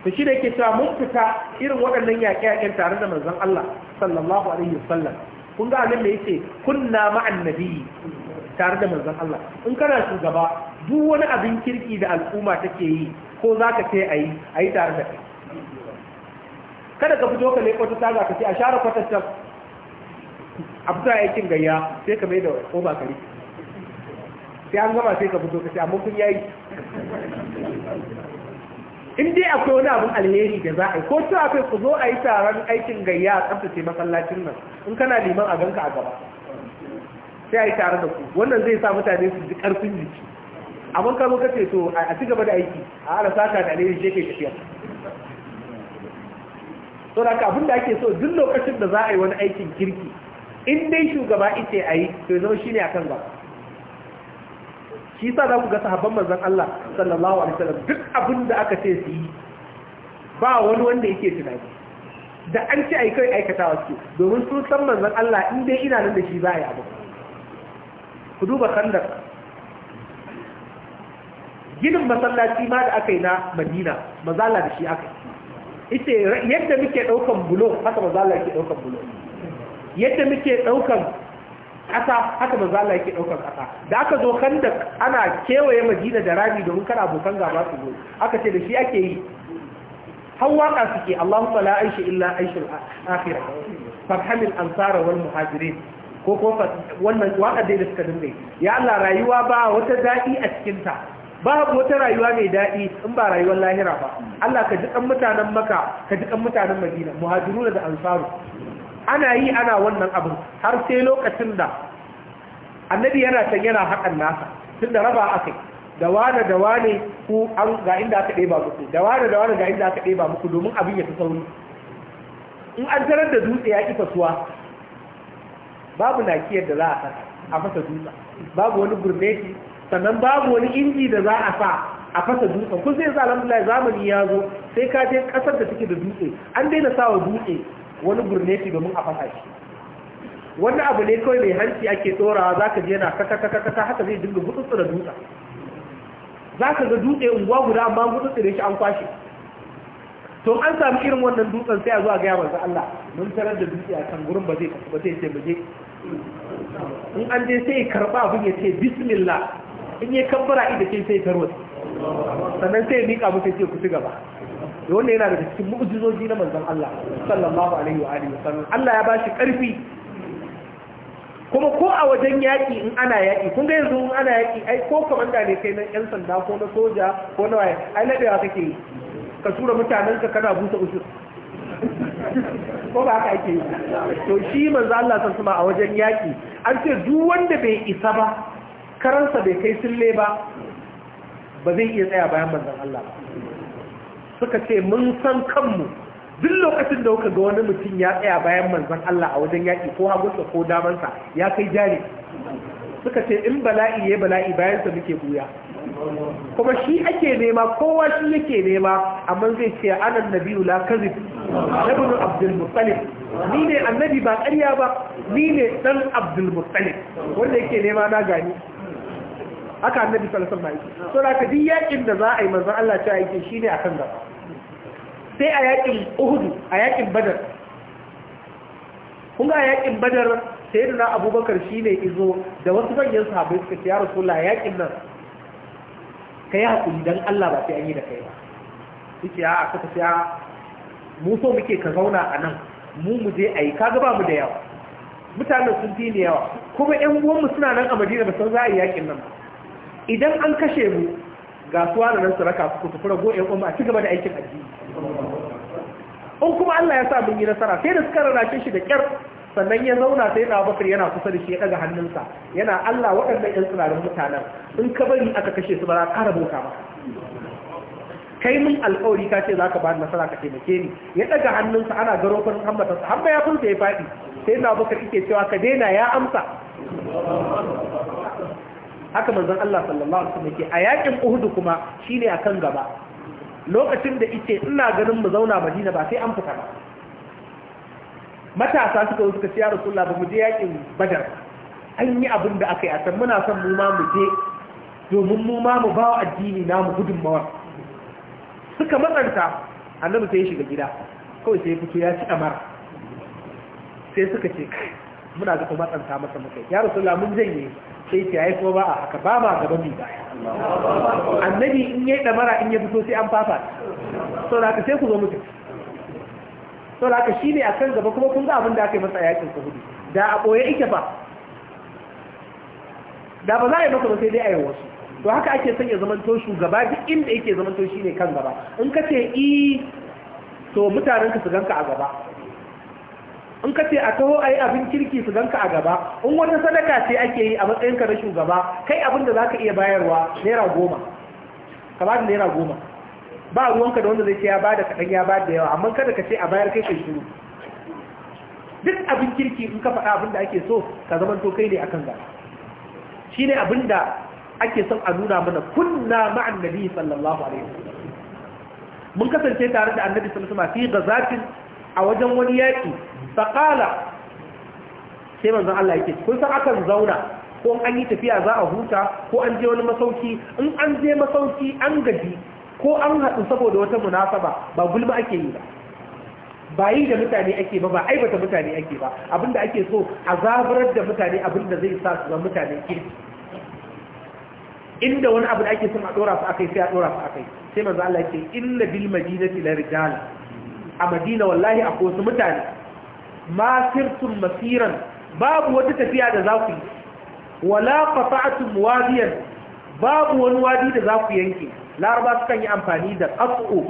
to shi da ke cewa mun fita irin waɗannan yaƙe-yaƙen tare da manzon Allah sallallahu alaihi wasallam kun ga abin da kunna ma'an tare da manzon Allah in kana shugaba duk wani abin kirki da al'umma take yi ko zaka kai ayi ayi tare da kai kada ka fito ka leƙo ta taga ka ce a share kwatancan a fito a yakin gayya sai ka mai da oba kare sai an gama sai ka fito ka ce amma kun yayi in dai akwai wani abin alheri da za a yi ko ta akwai ku zo a yi taron aikin gayya a tsaftace masallacin nan in kana liman a ganka a gaba sai a yi tare da ku wannan zai sa mutane su ji karfin jiki amma ka muka ce to a ci gaba da aiki a ala saka da alheri je kai tafiya to da kafin da ake so duk lokacin da za a yi wani aikin kirki in dai shugaba ita a yi to zama shi ne a kan gaba shi sa za ku ga sahabban manzan Allah sallallahu alaihi wasallam duk abin da aka ce su yi ba wani wanda yake tunani da an ce ai kai aikata wasu domin sun san manzan Allah in dai ina nan da shi za a yi abu ku duba kandar. ginin masallaci ma da aka yi na Madina mazala da shi aka yi ita yadda muke ɗaukan bulo haka maza Allah yake ɗaukan bulo yadda muke ɗaukan ƙasa haka maza Allah yake ɗaukan ƙasa da aka zo Kanda ana kewaye madina da rami domin kana abokan gaba su zo aka ce da shi ake yi har waƙa suke Allahumma la aisha illa aishul akhirah farhamil ansara wal muhajirin ko ko wannan waƙa dai da suka dinga ya Allah rayuwa ba wata daɗi a cikin ta babu wata rayuwa mai daɗi in ba rayuwar lahira ba Allah ka ji kan mutanen maka ka ji kan mutanen madina muhajiru da ansaru ana yi ana wannan abin har sai lokacin da annabi yana can yana haƙan nasa tun da raba aka da wane da wane ku an ga inda aka ɗeba muku da wane da wane ga inda aka ɗeba muku domin abin ya fi sauri in an tarar da dutse ya ƙi suwa babu nakiyar da za a a fasa dutse babu wani gurneti sannan babu wani inji da za a sa a fasa dutsen kun sai alhamdulillah zamani ya zo sai ka je kasar da take da dutse an daina sa wa dutse wani burneti domin a fasa shi wani abu ne kawai mai hanci ake tsorawa za ka je kaka kakakakaka haka zai dinga gutsu da dutsen za ka ga dutse unguwa guda amma gutsu da shi an kwashe to an sami irin wannan dutsen sai a zo a gaya manzo Allah mun tarar da dutse a kan gurin ba zai ba zai ce je in an je sai karba abin ya ce bismillah in yi kambara inda ke sai tarwata sannan sai ya miƙa musu ce ku ci gaba da yana da cikin mu'ujizoji na manzan Allah sallallahu alaihi wa alihi wasallam Allah ya bashi karfi kuma ko a wajen yaƙi in ana yaƙi kun ga yanzu in ana yaƙi ai ko kamanda ne kai na yan sanda ko na soja ko na waye ai ladewa kake yi ka tura mutanen ka kana busa usur ko ba haka ake yi to shi manzo Allah sallallahu alaihi wa a wajen yaƙi an ce duk wanda bai isa ba karansa bai kai sille ba ba zai iya tsaya bayan manzan Allah ba suka ce mun san kanmu duk lokacin da kuka ga wani mutum ya tsaya bayan manzan Allah a wajen yaki ko hagunsa ko damansa ya kai jari suka ce in bala'i ya bala'i bayansa muke buya kuma shi ake nema kowa shi yake nema amma zai ce anan nabiyu la kazib abdul muttalib ni ne annabi ba ƙarya ba ni ne dan abdul muttalib wanda yake nema na gani haka annabi sallallahu alaihi wasallam so da duk yakin da za a yi manzon Allah ta yake shine akan gaba sai a yakin Uhud a yakin Badar kun ga yakin Badar sayyidina Abubakar shine izo da wasu manyan sahabbai suka ce ya Rasulullah yakin nan kai hakuri dan Allah ba sai an yi da kai ba ya a ta ce mu so muke ka zauna a nan mu mu je ayi kaga ba mu da yawa mutanen sun fi ne yawa kuma ƴan uwanmu suna nan a Madina ba san za a yi yakin nan ba idan an kashe mu ga suwa da nan su raka ku kufura rago kuma a ci da aikin addini in kuma Allah ya sa mun yi nasara sai da suka rarrace shi da kyar sannan ya zauna sai na bakar yana kusa da shi ya daga hannunsa yana Allah waɗannan ƴan tsirarin mutanen in ka bari aka kashe su ba za ƙara bauta ba kai min alƙawari ka ce za ka ba nasara ka taimake ni ya daga hannunsa ana garo farin hammata sa har ya furta ya faɗi sai na bakar ke cewa ka daina ya amsa haka manzon Allah sallallahu alaihi wasallam yake a yakin Uhud kuma shine akan gaba lokacin da yace ina ganin mu zauna Madina ba sai an fita ba matasa suka zo suka ce ya ba mu je yakin Badar an yi abin da aka yi a san muna son mu ma mu je domin mu ma mu bawa addini na mu gudunmawar suka matsanta annabi sai ya shiga gida kawai sai ya fito ya ci amara sai suka ce muna ga kuma tsanta masa muka ya rasulullah mun janye sai ta yi kuma ba a haka ba ma gaba mai baya annabi in yi damara in yi fito sai an fafa sau da sai ku zo mutum sau da shi ne a kan gaba kuma kun ga abin da aka yi masa yakin hudu da a ɓoye ike ba da ba za a yi maka ba sai dai a yi wasu to haka ake sanya zaman to shugaba duk inda yake to shi ne kan gaba in ka ce i to mutanen ka su ganka a gaba in ka ce a taho a yi abin kirki su ganka a gaba in wata sadaka ce ake yi a matsayinka na shugaba kai abin da za ka iya bayarwa naira goma ka ba da naira goma ba ruwanka da wanda zai ce ya ba da kaɗan ya ba da yawa amma kada ka ce a bayar kai kai shiru duk abin kirki in ka faɗa abin da ake so ka zama to kai ne akan gaba shi ne abin da ake son a nuna mana kunna ma'an nabi sallallahu alaihi wasallam mun kasance tare da annabi sallallahu alaihi wasallam fi gazatin a wajen wani yaki. faƙala sai manzan Allah yake kun san akan zauna ko an yi tafiya za a huta ko an je wani masauki in an je masauki an gaji ko an haɗu saboda wata munasaba ba gulma ake yi ba ba yi da mutane ake ba ba aibata mutane ake ba abinda ake so a zaburar da mutane abinda zai sa su zama mutane kirki inda wani abu da ake son a dora su akai sai a dora su akai sai manzo Allah yake inna bil madinati la rijal a madina wallahi akwai wasu mutane masirtum masiran babu wata tafiya da za ku yi wala qata'tum wadiyan babu wani wadi da za ku yanke laraba sukan yi amfani da qat'u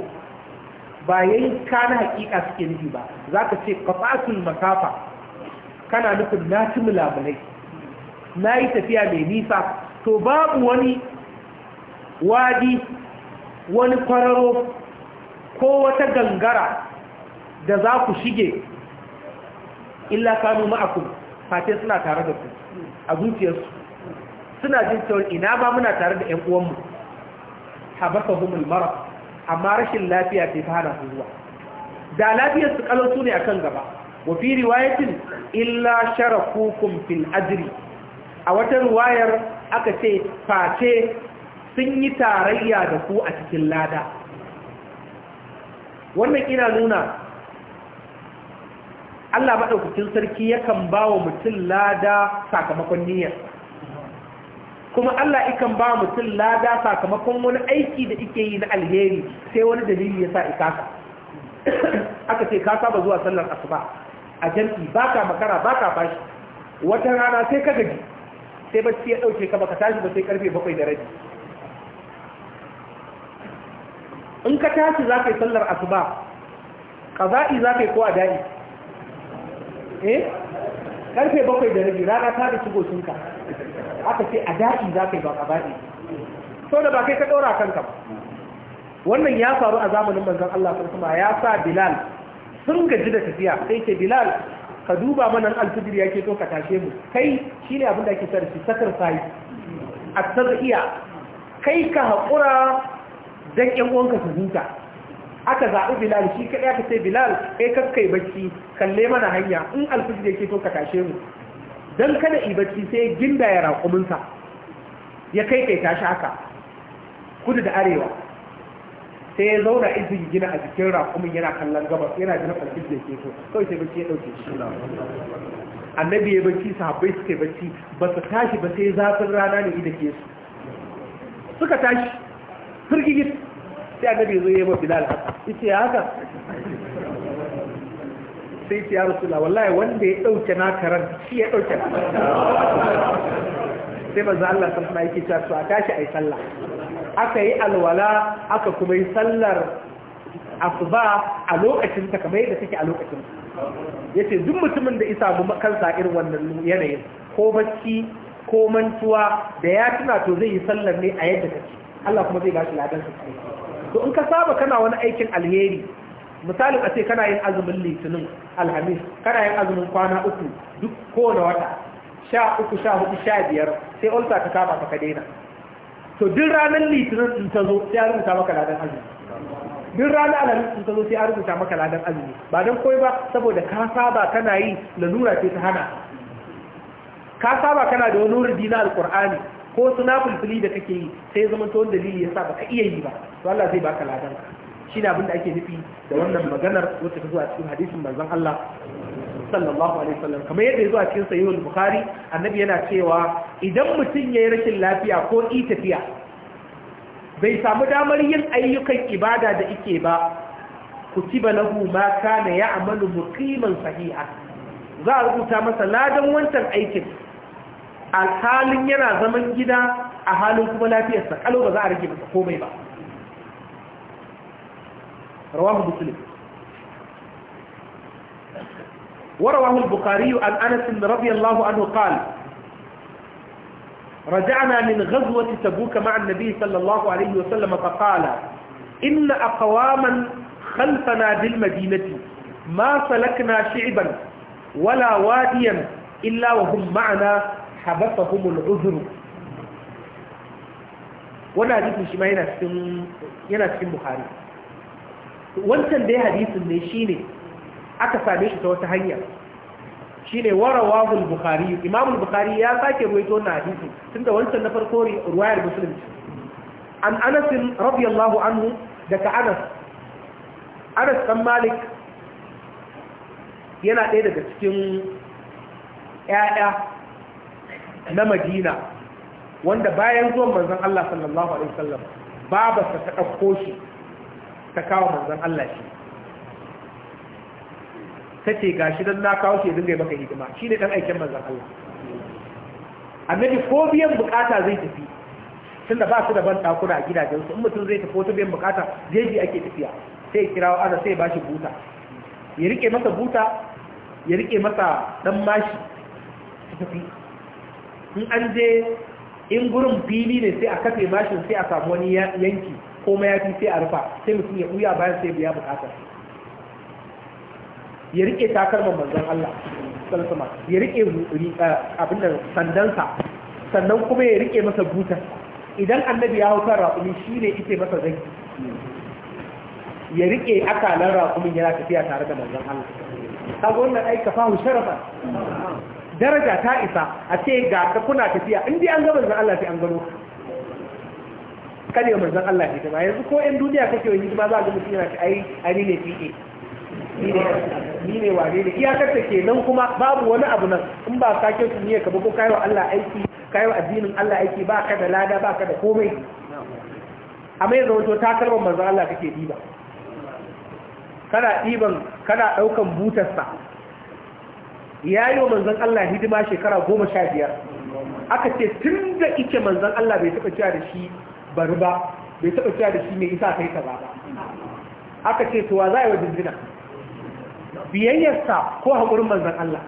ba yanka na hakika suke nufi ba zaka ce qata'tul masafa kana nufin na ci mulabalai na yi tafiya mai nisa to babu wani wadi wani kwararo ko wata gangara da za ku shige illa kanu ma'akum fate suna tare da ku a zuciyarsu suna jin cewa ina ba muna tare da ƴan uwanmu habasa humul mara amma rashin lafiya ce ta hana su zuwa da lafiyar su kalau ne akan gaba wa fi riwayatin illa sharakukum fil ajri a wata riwayar aka ce face sun yi tarayya da ku a cikin lada wannan ina nuna Allah maɗaukacin sarki yakan ba wa mutum lada sakamakon niyyar kuma Allah ikan ba wa mutum lada sakamakon wani aiki da ike yi na alheri sai wani dalili ya sa ikasa aka ce ka saba zuwa sallar asuba a jam'i baka makara baka bashi wata rana sai ka gaji sai bacci ya dauke ka baka tashi ba sai karfe bakwai da rabi in ka tashi za ka yi sallar asuba ƙaza'i za ka yi ko a da'i eh karfe bakwai da rabi rana ta da shigo shinka aka ce a daɗi za ka yi ba a so da ba kai ka ɗora kanka ba wannan ya faru a zamanin manzan Allah sun kuma ya sa Bilal sun gaji da tafiya sai ke Bilal ka duba mana alfijir ya ke to ka tashe mu kai shine abin da ake sa da shi sakar sai a iya, kai ka haƙura don ƴan uwanka su zuta aka zaɓi bilal shi kaɗai aka ce bilal kai kakkai bacci kalle mana hanya in alfijir yake to ka tashe mu don kada yi bacci sai ginda ya raƙuminsa ya kai kai tashi haka kudu da arewa sai ya zauna izin gina a jikin raƙumin yana kallon gabas yana jina alfijir yake to kawai sai bacci ya ɗauke shi annabi ya bacci sahabbai suka yi bacci ba su tashi ba sai zafin rana ne ida ke su suka tashi firgigit sai annabi zo yi ma bilal haka ita ya haka sai ce ya rasula wallahi wanda ya dauke na karan shi ya dauke sai manzo Allah sallallahu alaihi yake cewa a tashi ai sallah aka yi alwala aka kuma yi sallar asuba a lokacin ta kamar yadda take a lokacin yace duk mutumin da isa mu kansa irin wannan yanayin ko bacci ko mantuwa da ya tuna to zai yi sallar ne a yadda take Allah kuma zai gashi ladan sa to in ka saba kana wani aikin alheri misalin a ce kana yin azumin litinin alhamis kana yin azumin kwana uku duk kowane wata sha uku sha hudu sha biyar sai ulsa ka kama ka daina to duk ranar litinin in ta zo sai a rubuta maka ladan azumi duk ranar alhamis in ta zo sai a rubuta maka ladan azumi ba don koi ba saboda ka saba kana yi lalura ce ta hana ka saba kana da wani wurdi na alkur'ani ko suna fulfuli da kake yi sai zama to dalili yasa ka iya yi ba to Allah zai baka ladan shi ne abin da ake nufi da wannan maganar wacce ta zuwa cikin hadisin manzon Allah sallallahu alaihi wasallam kamar yadda ya zo cikin sahihul bukhari annabi yana cewa idan mutum yayi rashin lafiya ko i tafiya bai samu damar yin ayyukan ibada da ike ba kutiba lahu ma kana ya'malu muqiman sahiha za a rubuta masa ladan wancan aikin a yana zaman gida a halin kuma lafiyarsa kalo ba za a rage masa komai ba rawahu muslim wa rawahu al-bukhari an anas bin radiyallahu anhu qala رجعنا من غزوة تبوك مع النبي صلى الله عليه وسلم فقال إن أقواما خلفنا بالمدينة ما سلكنا شعبا ولا واديا إلا وهم معنا habasahumul uzru wannan hadisi shi ma yana cikin yana cikin bukhari wancan dai hadisin ne shine aka same shi ta wata hanya shine warawahu al-bukhari imamu al-bukhari ya sake ruwaito wannan hadisi tunda wancan na farko ruwayar muslim an anas radiyallahu anhu daga anas anas dan malik yana ɗaya daga cikin ƴaƴa na madina wanda bayan zuwan manzon Allah sallallahu alaihi wasallam sa ta dauko shi ta kawo manzon Allah shi ta ce dan na kawo shi dinga maka hidima shi ne aikin manzon Allah annabi ko biyan bukata zai tafi tunda ba su da ban takura a gidajen su in mutum zai tafi wata biyan bukata je ake tafiya sai kirawo ana sai ba shi buta ya rike masa buta ya rike masa ɗan mashi su tafi in an je in gurin fili ne sai a kafe mashin sai a samu wani yanki ko mayafi sai a rufa sai mutum ya ɓuya bayan sai biya bukatar ya rike takalman manzon Allah sallallahu ya rike abin da sandansa sannan kuma ya rike masa butar idan annabi ya hau kan raƙumi shi ne ita masa zai ya riƙe akalan raƙumin yana tafiya tare da manzon Allah kaga wannan aika fahu sharafa daraja ta isa a ce ga ka kuna tafiya in an ga manzan Allah sai an gano kane manzan Allah ke ta yanzu ko ɗan duniya kake wani hidima za ga mutum yana ta ai ani ne fiye ni ne wane ne iyakar ta kenan kuma babu wani abu nan in ba ka ke su niyyar ka ba ko kayo Allah aiki kayo addinin Allah aiki ba ka da lada ba ka da komai amma yanzu wato ta karban manzan Allah kake diba kana diban kana daukan butarsa ya yi wa manzan Allah hidima shekara goma sha biyar aka ce tun da ike manzan Allah bai taɓa cewa da shi bari ba bai taɓa cewa da shi mai isa kai ka ba aka ce tuwa za a yi wa jinjina biyayyarsa ko haƙurin manzan Allah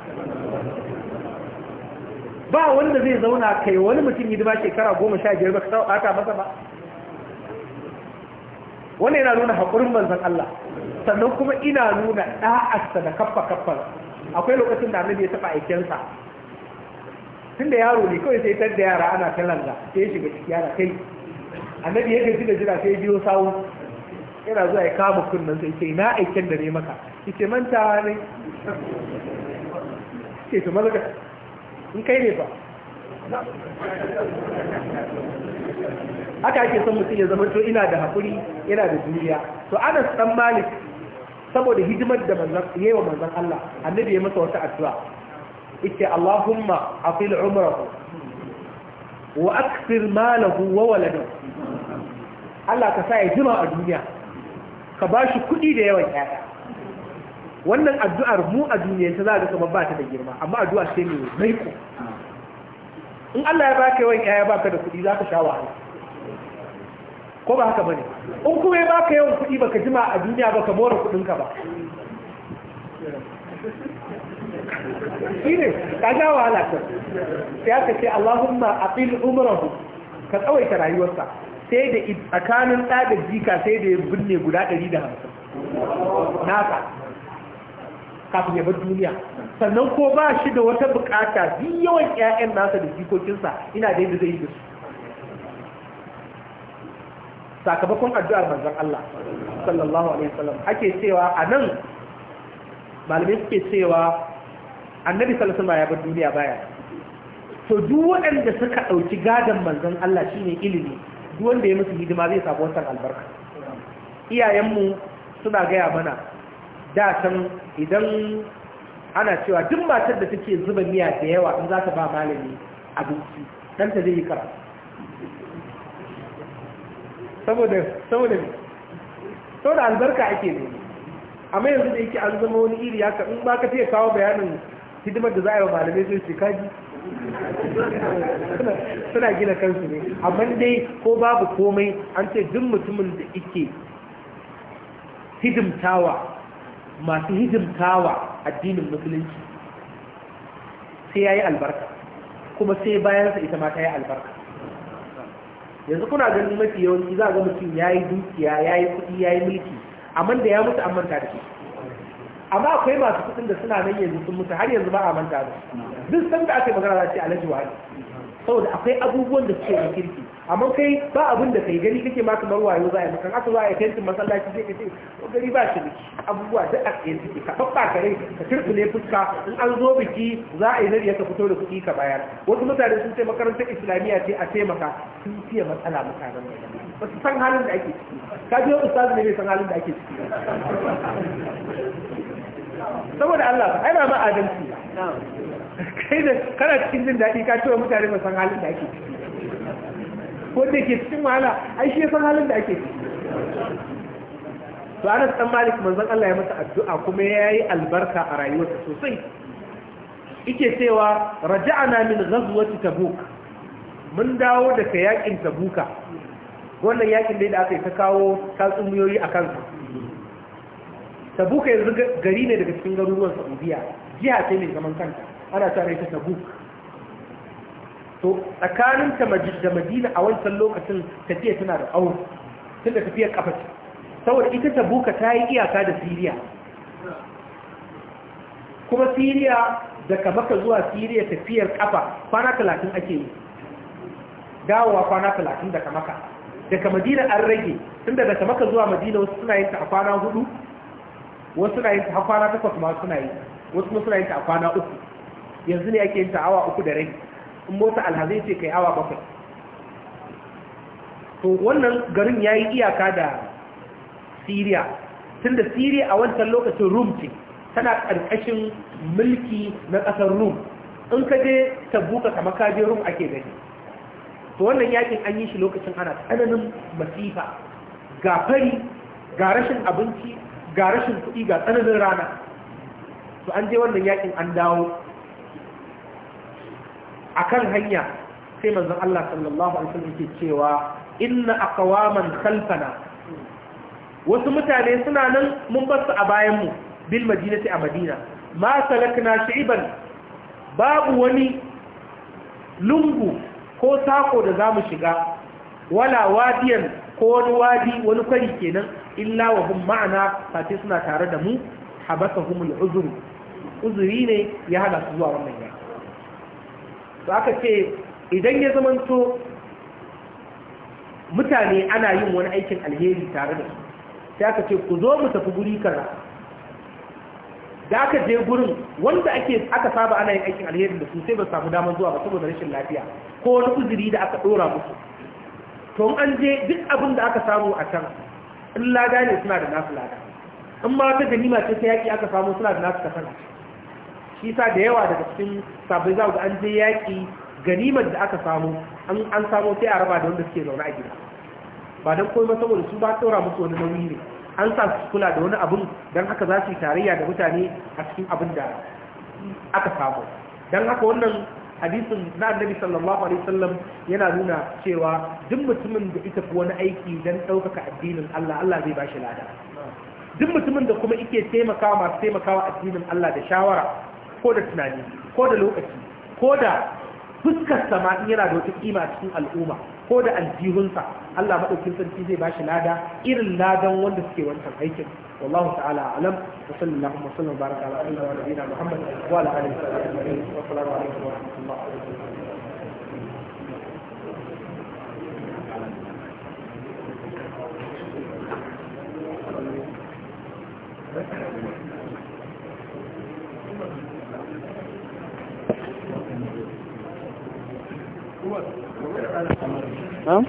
ba wanda zai zauna kai wani mutum hidima shekara goma sha biyar ba ka aka masa ba wani yana nuna haƙurin manzan Allah sannan kuma ina nuna ɗa'asta da kaffa kaffa akwai lokacin da annabi ya taɓa aikensa tun da yaro ne kawai sai tar da yara ana ta da, sai ya shiga ciki yara kai annabi ya gaji da jira sai ya biyo sawu yana zuwa ya kama kunnan sai ce na aiken da ne maka ce manta ne ce to malaka in kai ne fa haka ake son mutum ya zama to ina da haƙuri ina da juriya to anas dan malik saboda hidimar da manzan yayi wa manzan Allah annabi ya masa wata addu'a yace Allahumma afil umrahu wa akthir malahu wa waladahu Allah ka sa ya jima a duniya ka ba shi kuɗi da yawan yaya? wannan addu'ar mu a duniya ta za ga kamar ba ta da girma amma addu'a ce mai maiko in Allah ya baka yawan ƴaƴa ka da kuɗi za ka sha wahala ko ba haka bane in kuma ya baka yawan kuɗi baka jima a duniya ba ka more kuɗin ka ba shine kaga wahala ta sai aka ce Allahumma aqil umrahu ka tsawaita rayuwarsa sai da tsakanin ɗa jika sai da ya binne guda 150 naka kafin ya bar duniya sannan ko ba shi da wata bukata duk yawan ƴaƴan nasa da jikokinsa ina da yadda zai yi da su sakamakon addu'ar manzan Allah sallallahu alaihi wasallam ake cewa a nan malamai suke cewa annabi sallallahu alaihi ya bar duniya baya to duk waɗanda suka ɗauki gadon manzan Allah shi ne ilimi duk wanda ya musu hidima zai samu wasan albarka iyayenmu suna gaya mana da can idan ana cewa duk matar da take zuba miya da yawa in za ta ba malami abinci ɗanta zai yi karatu saboda saboda da albarka ake ne amma yanzu da yake an zama wani iri ya in ba ka fiye kawo bayanin hidimar da za a yi wa malamai sai su kaji suna gina kansu ne amma dai ko babu komai an ce duk mutumin da ike hidimtawa masu hidimtawa addinin musulunci sai ya yi albarka kuma sai bayansa ita ma ta yi albarka yanzu kuna ganin mafi yawanci za a ga mutum ya yi dukiya ya yi kuɗi ya yi mulki amma da ya mutu an manta da shi amma akwai masu kuɗin da suna nan yanzu sun mutu har yanzu ba a manta da duk san da aka yi magana za a ce alhaji wani saboda akwai abubuwan da suke da kirki amma kai ba abin da kai gani kake ma kamar wayo za a yi makan aka za a yi tentin masallaci sai ka ko gari ba shi biki abubuwa duk a tsaye suke ka babba kare ka turkule fuska in an zo biki za a yi nariya ka fito da kuɗi ka bayar wasu mutane sun ce makarantar islamiyya ce a taimaka sun fiye matsala mutanen ba su san halin da ake ciki ka biyo ustazu ne bai san halin da ake ciki saboda Allah ai ba ma adalci kai da kana cikin jin daɗi ka ce wa mutane ba san halin da ake ciki Ko da ke cikin wahala ai shi san halin da ake to ana san Malik manzon Allah ya masa addu'a kuma yayi albarka a rayuwarsa sosai yake cewa raja'ana min ghazwati tabuk mun dawo daga yakin tabuka wannan yakin da aka yi ta kawo tatsumiyoyi a kansa tabuka yanzu gari ne daga cikin garuruwan saudiya jiha ce mai zaman kanta ana tare ta tabuk to tsakanin ta da madina a wancan lokacin tafiya tana da tsawo tun da tafiyar kafa ce saboda ita ta buka ta yi iyaka da siriya kuma siriya daga maka zuwa siriya tafiyar kafa kwana talatin ake yi dawowa kwana talatin daga maka daga madina an rage tun da daga maka zuwa madina wasu suna yin ta a kwana hudu wasu suna yin ta a kwana takwas ma suna yi wasu suna yin ta a kwana uku yanzu ne ake yin ta awa uku da rage in mota alhazai ce kai awa bakwai to wannan garin ya yi iyaka da siriya tun da siriya a wancan lokacin rum ce tana ƙarƙashin mulki na ƙasar rum in ka je tabbuka kama ka rum ake gani to wannan yakin an yi shi lokacin ana tsananin masifa ga fari ga rashin abinci ga rashin kuɗi ga tsananin rana to an je wannan yakin an dawo akan hanya sai manzon Allah sallallahu alaihi wasallam yake cewa inna aqwaman khalfana wasu mutane suna nan mun basu a bayan mu bil madinati a madina ma salakna shi'ban babu wani lungu ko sako da zamu shiga wala wadiyan ko wani wadi wani kwari kenan illa wa hum ma'ana fati suna tare da mu habasahumul uzur uzuri ne ya hada su zuwa wannan yaki to aka ce idan ya zamanto mutane ana yin wani aikin alheri tare da su sai aka ce ku zo mu tafi guri kaza da aka je gurin wanda ake aka saba ana yin aikin alheri da su sai ba samu damar zuwa ba saboda rashin lafiya ko wani uzuri da aka dora musu to an je duk abin da aka samu a can in lada ne suna da nasu lada in ma ta ganima ce ta yaki aka samu suna da nasu kasana shi da yawa daga cikin sabbin za an je yaƙi ganimar da aka samu an samu sai a raba da wanda suke zaune a gida ba don kuma saboda su ba tsora musu wani nauyi ne an sa su kula da wani abun don haka za su yi tarayya da mutane a cikin abin da aka samu don haka wannan hadisin na annabi sallallahu alaihi wasallam yana nuna cewa duk mutumin da ita fi wani aiki don ɗaukaka addinin Allah Allah zai ba shi lada duk mutumin da kuma ike taimakawa masu taimakawa addinin Allah da shawara ko da tunani ko da lokaci ko da fuskar sama yana da wata kima cikin al'umma ko da aljihunsa Allah madaukin sarki zai bashi lada irin ladan wanda suke wancan aikin wallahu alam wa sallallahu na'am